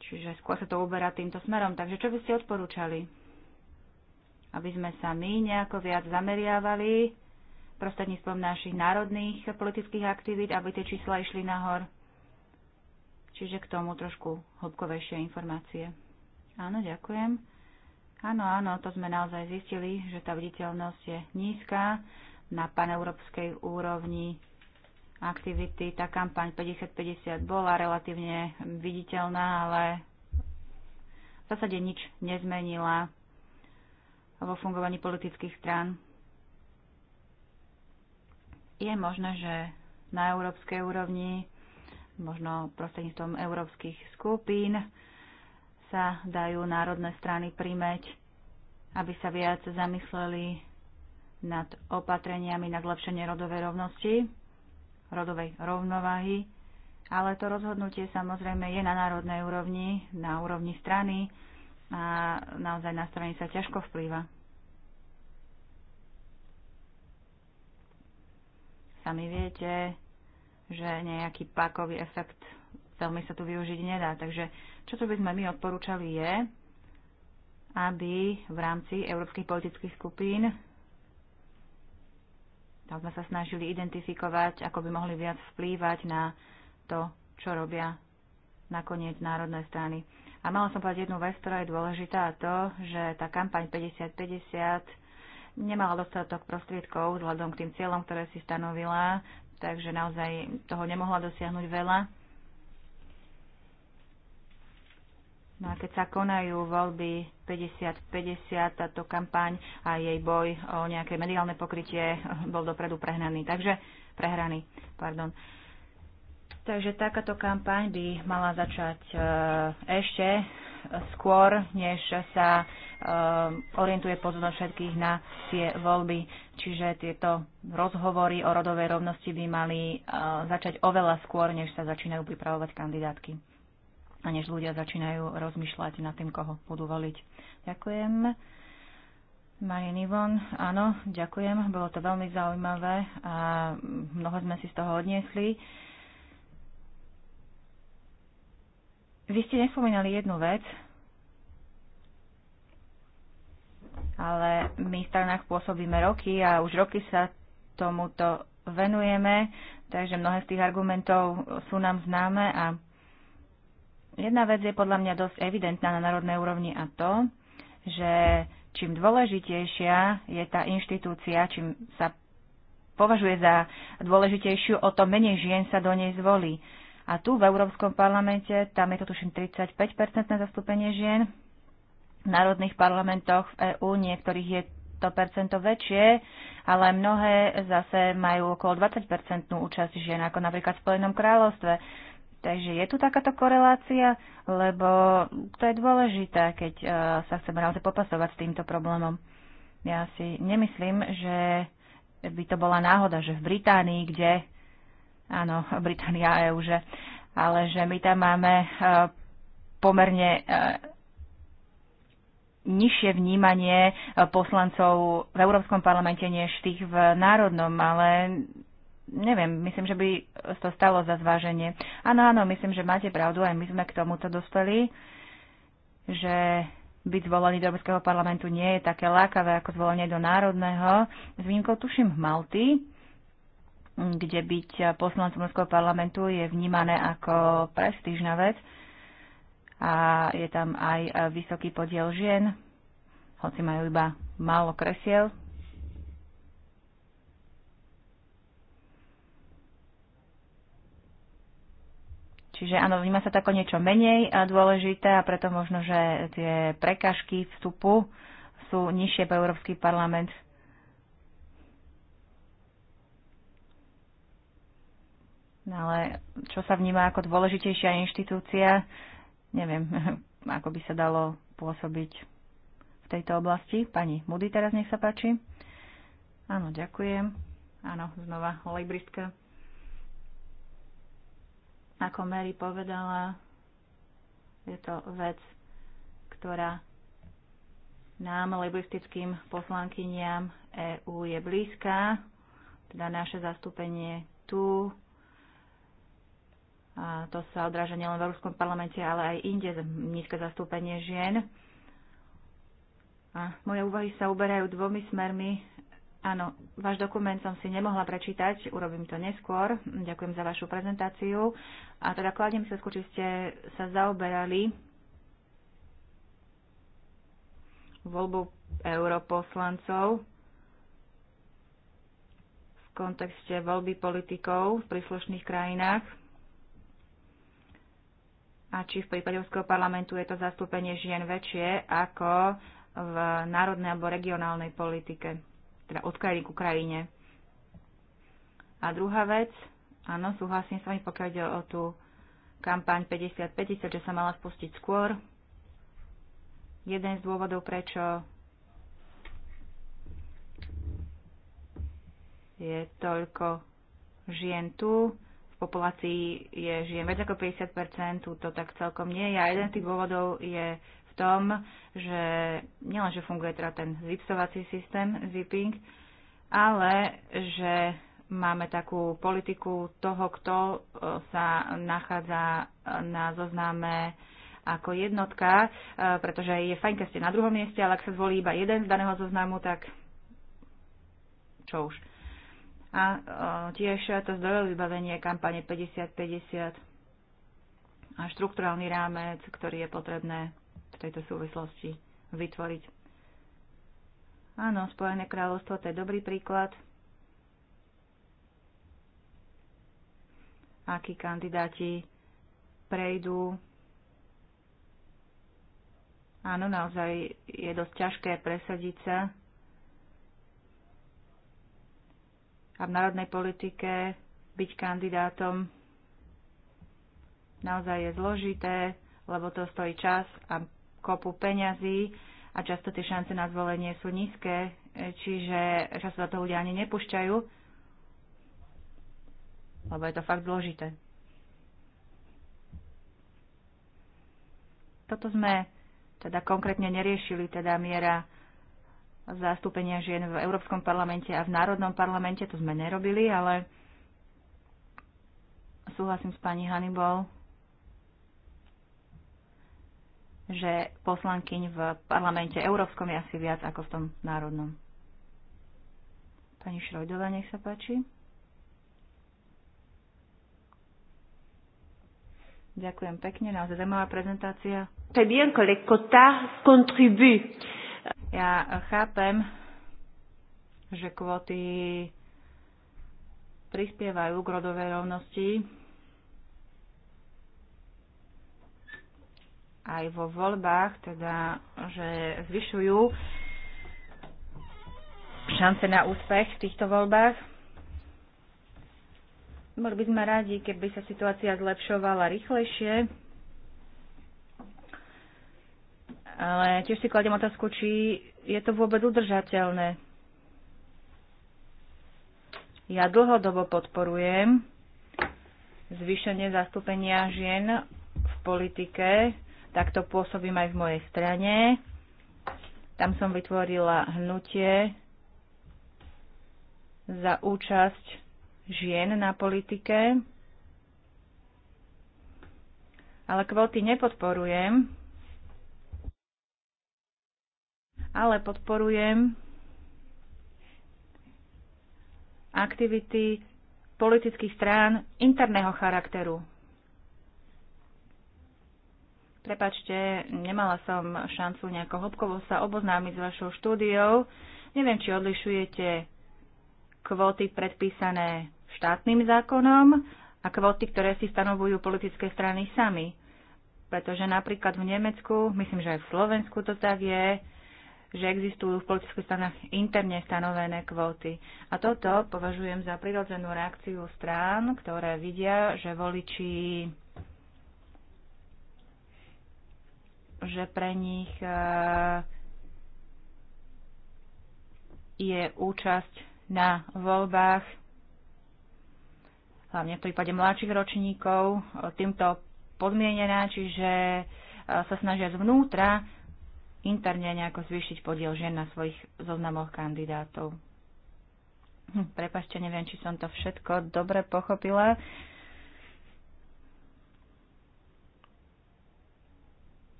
[SPEAKER 4] Čiže skôr sa to uberá týmto smerom. Takže čo by ste odporúčali? aby sme sa my nejako viac zameriavali prostredníctvom našich národných politických aktivít, aby tie čísla išli nahor. Čiže k tomu trošku hĺbkovejšie informácie. Áno, ďakujem. Áno, áno, to sme naozaj zistili, že tá viditeľnosť je nízka na paneurópskej úrovni aktivity. Tá kampaň 50-50 bola relatívne viditeľná, ale v zásade nič nezmenila vo fungovaní politických strán. Je možné, že na európskej úrovni, možno prostredníctvom európskych skupín, sa dajú národné strany príjmeť, aby sa viac zamysleli nad opatreniami na zlepšenie rodovej rovnosti, rodovej rovnováhy, ale to rozhodnutie samozrejme je na národnej úrovni, na úrovni strany, a naozaj na strany sa ťažko vplýva. Sami viete, že nejaký pákový efekt veľmi sa tu využiť nedá. Takže čo by sme my odporúčali je, aby v rámci európskych politických skupín tam sme sa snažili identifikovať, ako by mohli viac vplývať na to, čo robia nakoniec národné strany. A mala som povedať jednu vec, ktorá je dôležitá, a to, že tá kampaň 50-50 nemala dostatok prostriedkov vzhľadom k tým cieľom, ktoré si stanovila, takže naozaj toho nemohla dosiahnuť veľa. No a keď sa konajú voľby 50-50, táto kampaň a jej boj o nejaké mediálne pokrytie bol dopredu prehnaný. Takže prehraný, pardon. Uh, Takže takáto kampaň by mala začať e, ešte skôr, než sa e, orientuje pozornosť všetkých na tie voľby. Čiže tieto rozhovory o rodovej rovnosti by mali e, začať oveľa skôr, než sa začínajú pripravovať kandidátky a než ľudia začínajú rozmýšľať nad tým, koho budú voliť. Ďakujem. Marien Ivon, áno, ďakujem. Bolo to veľmi zaujímavé a mnoho sme si z toho odniesli. Vy ste nespomínali jednu vec, ale my v stranách pôsobíme roky a už roky sa tomuto venujeme, takže mnohé z tých argumentov sú nám známe a jedna vec je podľa mňa dosť evidentná na národnej úrovni a to, že čím dôležitejšia je tá inštitúcia, čím sa považuje za dôležitejšiu, o to menej žien sa do nej zvolí. A tu v Európskom parlamente, tam je to tuším 35-percentné zastúpenie žien. V národných parlamentoch v EÚ niektorých je to percento väčšie, ale mnohé zase majú okolo 20-percentnú účasť žien, ako napríklad v Spojenom kráľovstve. Takže je tu takáto korelácia, lebo to je dôležité, keď e, sa chceme naozaj popasovať s týmto problémom. Ja si nemyslím, že by to bola náhoda, že v Británii, kde áno, Británia a EU, že, ale že my tam máme e, pomerne e, nižšie vnímanie e, poslancov v Európskom parlamente než tých v národnom, ale neviem, myslím, že by to stalo za zváženie. Áno, áno, myslím, že máte pravdu, aj my sme k tomuto dospeli, že byť zvolený do Európskeho parlamentu nie je také lákavé ako zvolenie do národného. S výnimkou tuším Malty, kde byť poslancom Európskeho parlamentu je vnímané ako prestížna vec a je tam aj vysoký podiel žien, hoci majú iba málo kresiel. Čiže áno, vníma sa tako niečo menej dôležité a preto možno, že tie prekažky vstupu sú nižšie po Európsky parlament. No ale čo sa vníma ako dôležitejšia inštitúcia, neviem, ako by sa dalo pôsobiť v tejto oblasti. Pani Mudy teraz nech sa páči. Áno, ďakujem. Áno, znova libristka. Ako Mary povedala, je to vec, ktorá nám, lejbristickým poslankyniam EÚ je blízka, teda naše zastúpenie tu to sa odráža nielen v Európskom parlamente, ale aj inde nízke zastúpenie žien. A moje úvahy sa uberajú dvomi smermi. Áno, váš dokument som si nemohla prečítať, urobím to neskôr. Ďakujem za vašu prezentáciu. A teda kladiem sa či ste sa zaoberali voľbou europoslancov v kontexte voľby politikov v príslušných krajinách a či v prípade Európskeho parlamentu je to zastúpenie žien väčšie ako v národnej alebo regionálnej politike, teda od krajiny ku krajine. A druhá vec, áno, súhlasím s vami, pokiaľ ide o tú kampaň 50-50, že sa mala spustiť skôr. Jeden z dôvodov, prečo je toľko žien tu, v populácii je, žije viac ako 50%, to tak celkom nie je. A jeden z tých dôvodov je v tom, že nielenže funguje teda ten zipsovací systém, zipping, ale že máme takú politiku toho, kto e, sa nachádza e, na zozname ako jednotka, e, pretože je fajn, keď ste na druhom mieste, ale ak sa zvolí iba jeden z daného zoznamu, tak čo už a e, tiež to zdrojové vybavenie kampane 50-50 a štruktúrálny rámec, ktorý je potrebné v tejto súvislosti vytvoriť. Áno, Spojené kráľovstvo to je dobrý príklad. Akí kandidáti prejdú. Áno, naozaj je dosť ťažké presadiť sa a v národnej politike byť kandidátom naozaj je zložité, lebo to stojí čas a kopu peňazí a často tie šance na zvolenie sú nízke, čiže často sa to ľudia ani nepúšťajú, lebo je to fakt zložité. Toto sme teda konkrétne neriešili, teda miera zastúpenia žien v Európskom parlamente a v Národnom parlamente, to sme nerobili, ale súhlasím s pani Hannibal, že poslankyň v parlamente európskom je asi viac ako v tom národnom. Pani Šrojdová, nech sa páči. Ďakujem pekne, naozaj zaujímavá prezentácia. Très bien que les quotas contribuent ja chápem, že kvóty prispievajú k rodovej rovnosti aj vo voľbách, teda, že zvyšujú šance na úspech v týchto voľbách. Boli by sme radi, keby sa situácia zlepšovala rýchlejšie, Ale tiež si kladiem otázku, či je to vôbec udržateľné. Ja dlhodobo podporujem zvýšenie zastúpenia žien v politike. Takto pôsobím aj v mojej strane. Tam som vytvorila hnutie za účasť žien na politike. Ale kvóty nepodporujem ale podporujem aktivity politických strán interného charakteru. Prepačte, nemala som šancu nejako hlbkovo sa oboznámiť s vašou štúdiou. Neviem, či odlišujete kvóty predpísané štátnym zákonom a kvóty, ktoré si stanovujú politické strany sami. Pretože napríklad v Nemecku, myslím, že aj v Slovensku to tak je, že existujú v politických stranách interne stanovené kvóty. A toto považujem za prirodzenú reakciu strán, ktoré vidia, že voliči že pre nich e, je účasť na voľbách, hlavne v prípade mladších ročníkov, e, týmto podmienená, čiže e, sa snažia zvnútra interne nejako zvýšiť podiel žien na svojich zoznamoch kandidátov. Hm, prepašte, neviem, či som to všetko dobre pochopila.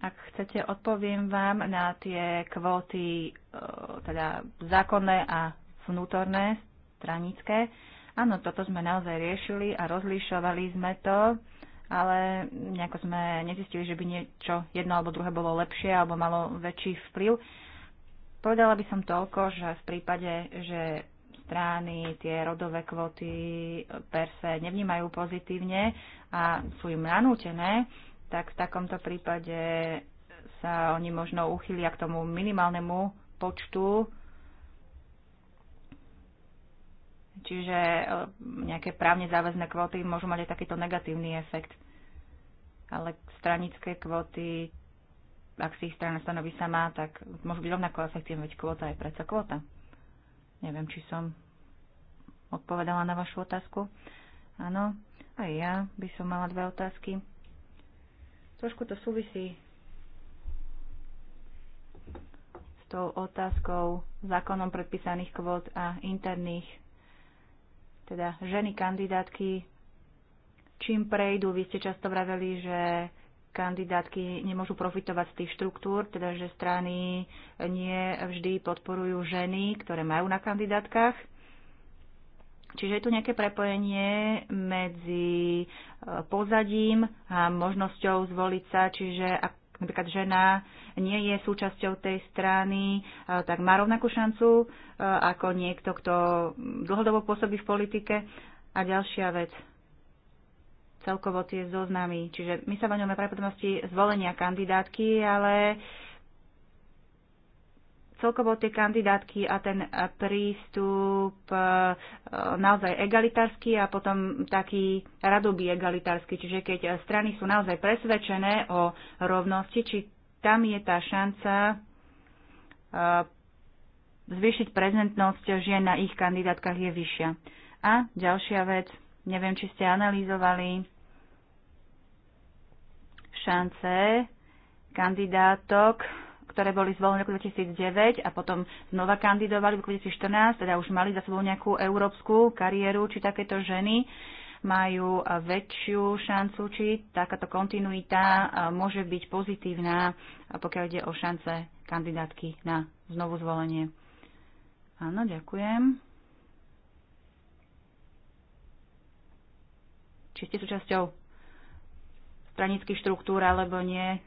[SPEAKER 4] Ak chcete, odpoviem vám na tie kvóty, e, teda zákonné a vnútorné, stranické. Áno, toto sme naozaj riešili a rozlišovali sme to ale nejako sme nezistili, že by niečo jedno alebo druhé bolo lepšie alebo malo väčší vplyv. Povedala by som toľko, že v prípade, že strany tie rodové kvoty per se nevnímajú pozitívne a sú im nanútené, tak v takomto prípade sa oni možno uchylia k tomu minimálnemu počtu Čiže e, nejaké právne záväzné kvóty môžu mať aj takýto negatívny efekt. Ale stranické kvóty, ak si ich strana stanoví sama, tak môžu byť rovnako efektívne, veď kvóta je predsa kvóta. Neviem, či som odpovedala na vašu otázku. Áno, aj ja by som mala dve otázky. Trošku to súvisí s tou otázkou zákonom predpísaných kvót a interných teda ženy kandidátky, čím prejdú, vy ste často vraveli, že kandidátky nemôžu profitovať z tých štruktúr, teda že strany nie vždy podporujú ženy, ktoré majú na kandidátkach. Čiže je tu nejaké prepojenie medzi eh, pozadím a možnosťou zvoliť sa, čiže ak napríklad žena nie je súčasťou tej strany, e, tak má rovnakú šancu e, ako niekto, kto dlhodobo pôsobí v politike. A ďalšia vec, celkovo tie zoznamy. Čiže my sa baňujeme pravdepodobnosti zvolenia kandidátky, ale uh, celkovo tie kandidátky a ten prístup e, e, naozaj egalitársky a potom taký radobý egalitársky. Čiže keď strany sú naozaj presvedčené o rovnosti, či tam je tá šanca e, zvýšiť prezentnosť žien na ich kandidátkach je vyššia. A ďalšia vec, neviem, či ste analyzovali šance kandidátok ktoré boli zvolené v roku 2009 a potom znova kandidovali v roku 2014, teda už mali za sebou nejakú európsku kariéru, či takéto ženy majú väčšiu šancu, či takáto kontinuita môže byť pozitívna, pokiaľ ide o šance kandidátky na znovu zvolenie. Áno, ďakujem. Či ste súčasťou stranických štruktúr alebo nie,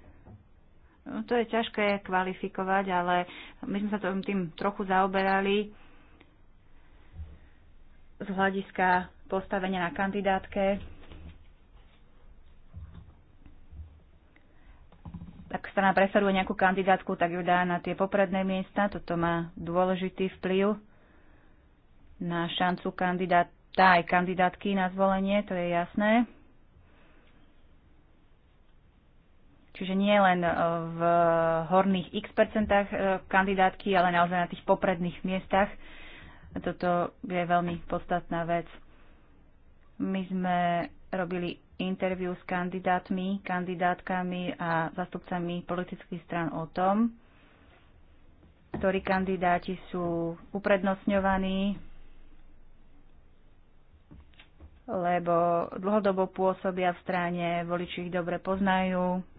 [SPEAKER 4] No, to je ťažké kvalifikovať, ale my sme sa tým trochu zaoberali z hľadiska postavenia na kandidátke. Ak strana preferuje nejakú kandidátku, tak ju dá na tie popredné miesta. Toto má dôležitý vplyv na šancu kandidáta aj kandidátky na zvolenie, to je jasné. Čiže nie len e, v horných x percentách e, kandidátky, ale naozaj na tých popredných miestach. Toto je veľmi podstatná vec. My sme robili interviu s kandidátmi, kandidátkami a zastupcami politických stran o tom, ktorí kandidáti sú uprednostňovaní, lebo dlhodobo pôsobia v strane, voliči ich dobre poznajú,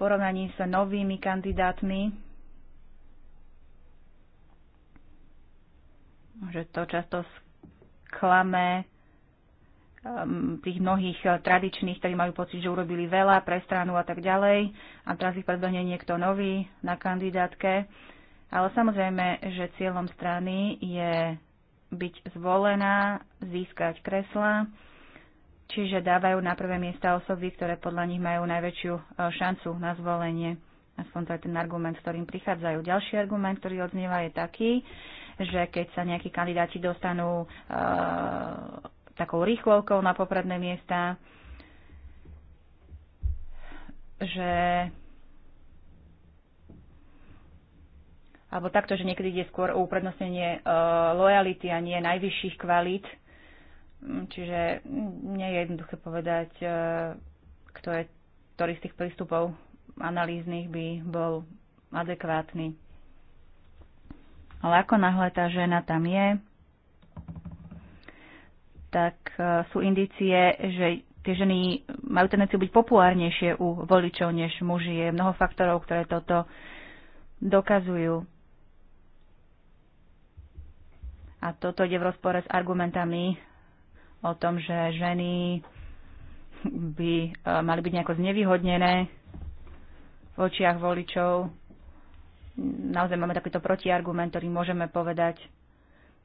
[SPEAKER 4] porovnaní s novými kandidátmi, že to často sklame um, tých mnohých eh, tradičných, ktorí majú pocit, že urobili veľa pre stranu a tak ďalej a teraz ich predbehne niekto nový na kandidátke. Ale samozrejme, že cieľom strany je byť zvolená, získať kresla čiže dávajú na prvé miesta osoby, ktoré podľa nich majú najväčšiu e, šancu na zvolenie. Aspoň to je ten argument, s ktorým prichádzajú. Ďalší argument, ktorý odznieva, je taký, že keď sa nejakí kandidáti dostanú e, takou rýchlovkou na popredné miesta, že alebo takto, že niekedy ide skôr o uprednostnenie e, lojality a nie najvyšších kvalít, Čiže nie je jednoduché povedať, e, kto je, ktorý z tých prístupov analýznych by bol adekvátny. Ale ako náhle tá žena tam je, tak e, sú indície, že tie ženy majú tendenciu byť populárnejšie u voličov než muži. Je mnoho faktorov, ktoré toto dokazujú. A toto ide v rozpore s argumentami o tom, že ženy by e, mali byť nejako znevýhodnené v očiach voličov. Naozaj máme takýto protiargument, ktorý môžeme povedať,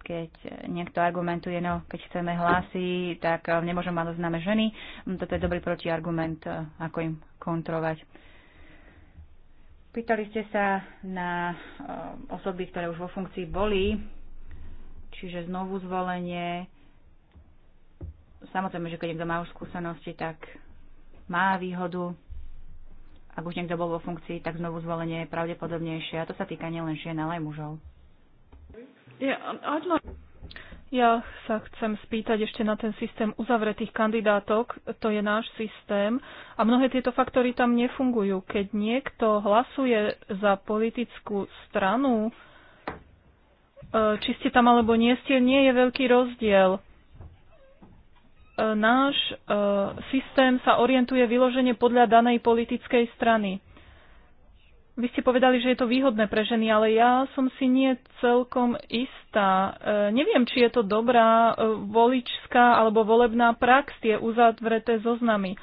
[SPEAKER 4] keď niekto argumentuje, no keď chceme hlasy, tak e, nemôžeme mať známe ženy. Mm, toto je dobrý protiargument, e, ako im kontrovať. Pýtali ste sa na osoby, ktoré už vo funkcii boli, čiže znovu zvolenie, Samozrejme, že keď niekto má už skúsenosti, tak má výhodu. Ak už niekto bol vo funkcii, tak znovu zvolenie je pravdepodobnejšie. A to sa týka nielen žien, ale aj mužov. Ja sa chcem spýtať ešte na ten systém uzavretých
[SPEAKER 3] kandidátok. To je náš systém. A mnohé tieto faktory tam nefungujú. Keď niekto hlasuje za politickú stranu, e, či ste tam alebo nie ste, nie je veľký rozdiel. E, náš e, systém sa orientuje vyloženie podľa danej politickej strany. Vy ste povedali, že je to výhodné pre ženy, ale ja som si nie celkom istá. E, neviem, či je to dobrá voličská alebo volebná prax, tie uzavreté zoznamy.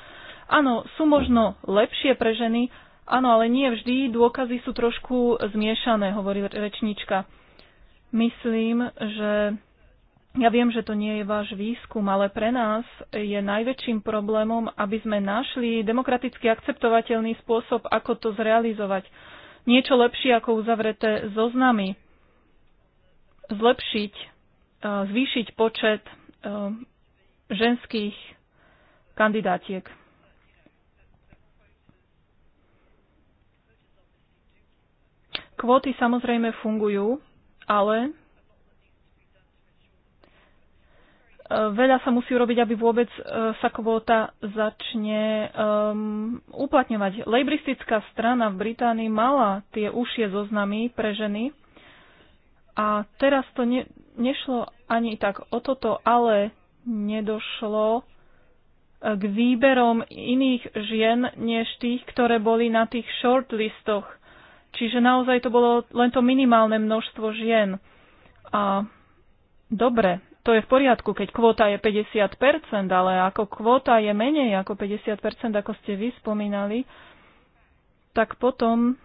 [SPEAKER 3] Áno, sú možno lepšie pre ženy, áno, ale nie vždy. Dôkazy sú trošku zmiešané, hovorí rečníčka. Myslím, že ja viem, že to nie je váš výskum, ale pre nás je najväčším problémom, aby sme našli demokraticky akceptovateľný spôsob, ako to zrealizovať. Niečo lepšie ako uzavreté zoznamy. Zlepšiť, e, zvýšiť počet e, ženských kandidátiek. Kvóty samozrejme fungujú, ale Eh, veľa sa musí urobiť, aby vôbec eh, sa kvóta začne um, uplatňovať. Lejbristická strana v Británii mala tie užšie zoznamy pre ženy a teraz to ne, nešlo ani tak o toto, ale nedošlo eh, k výberom iných žien než tých, ktoré boli na tých shortlistoch. Čiže naozaj to bolo len to minimálne množstvo žien. A dobre, to je v poriadku, keď kvóta je 50%, ale ako kvóta je menej ako 50%, ako ste vy spomínali, tak potom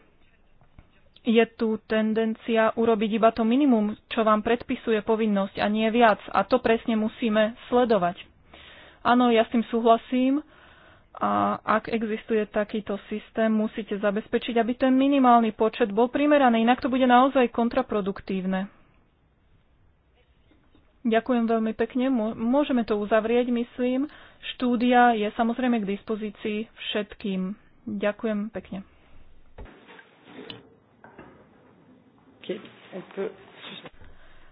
[SPEAKER 3] je tu tendencia urobiť iba to minimum, čo vám predpisuje povinnosť a nie viac. A to presne musíme sledovať. Áno, ja s tým súhlasím. A ak existuje takýto systém, musíte zabezpečiť, aby ten minimálny počet bol primeraný, inak to bude naozaj kontraproduktívne. Ďakujem veľmi pekne. Môžeme to uzavrieť, myslím. Štúdia je samozrejme k dispozícii všetkým. Ďakujem pekne.
[SPEAKER 1] Okay.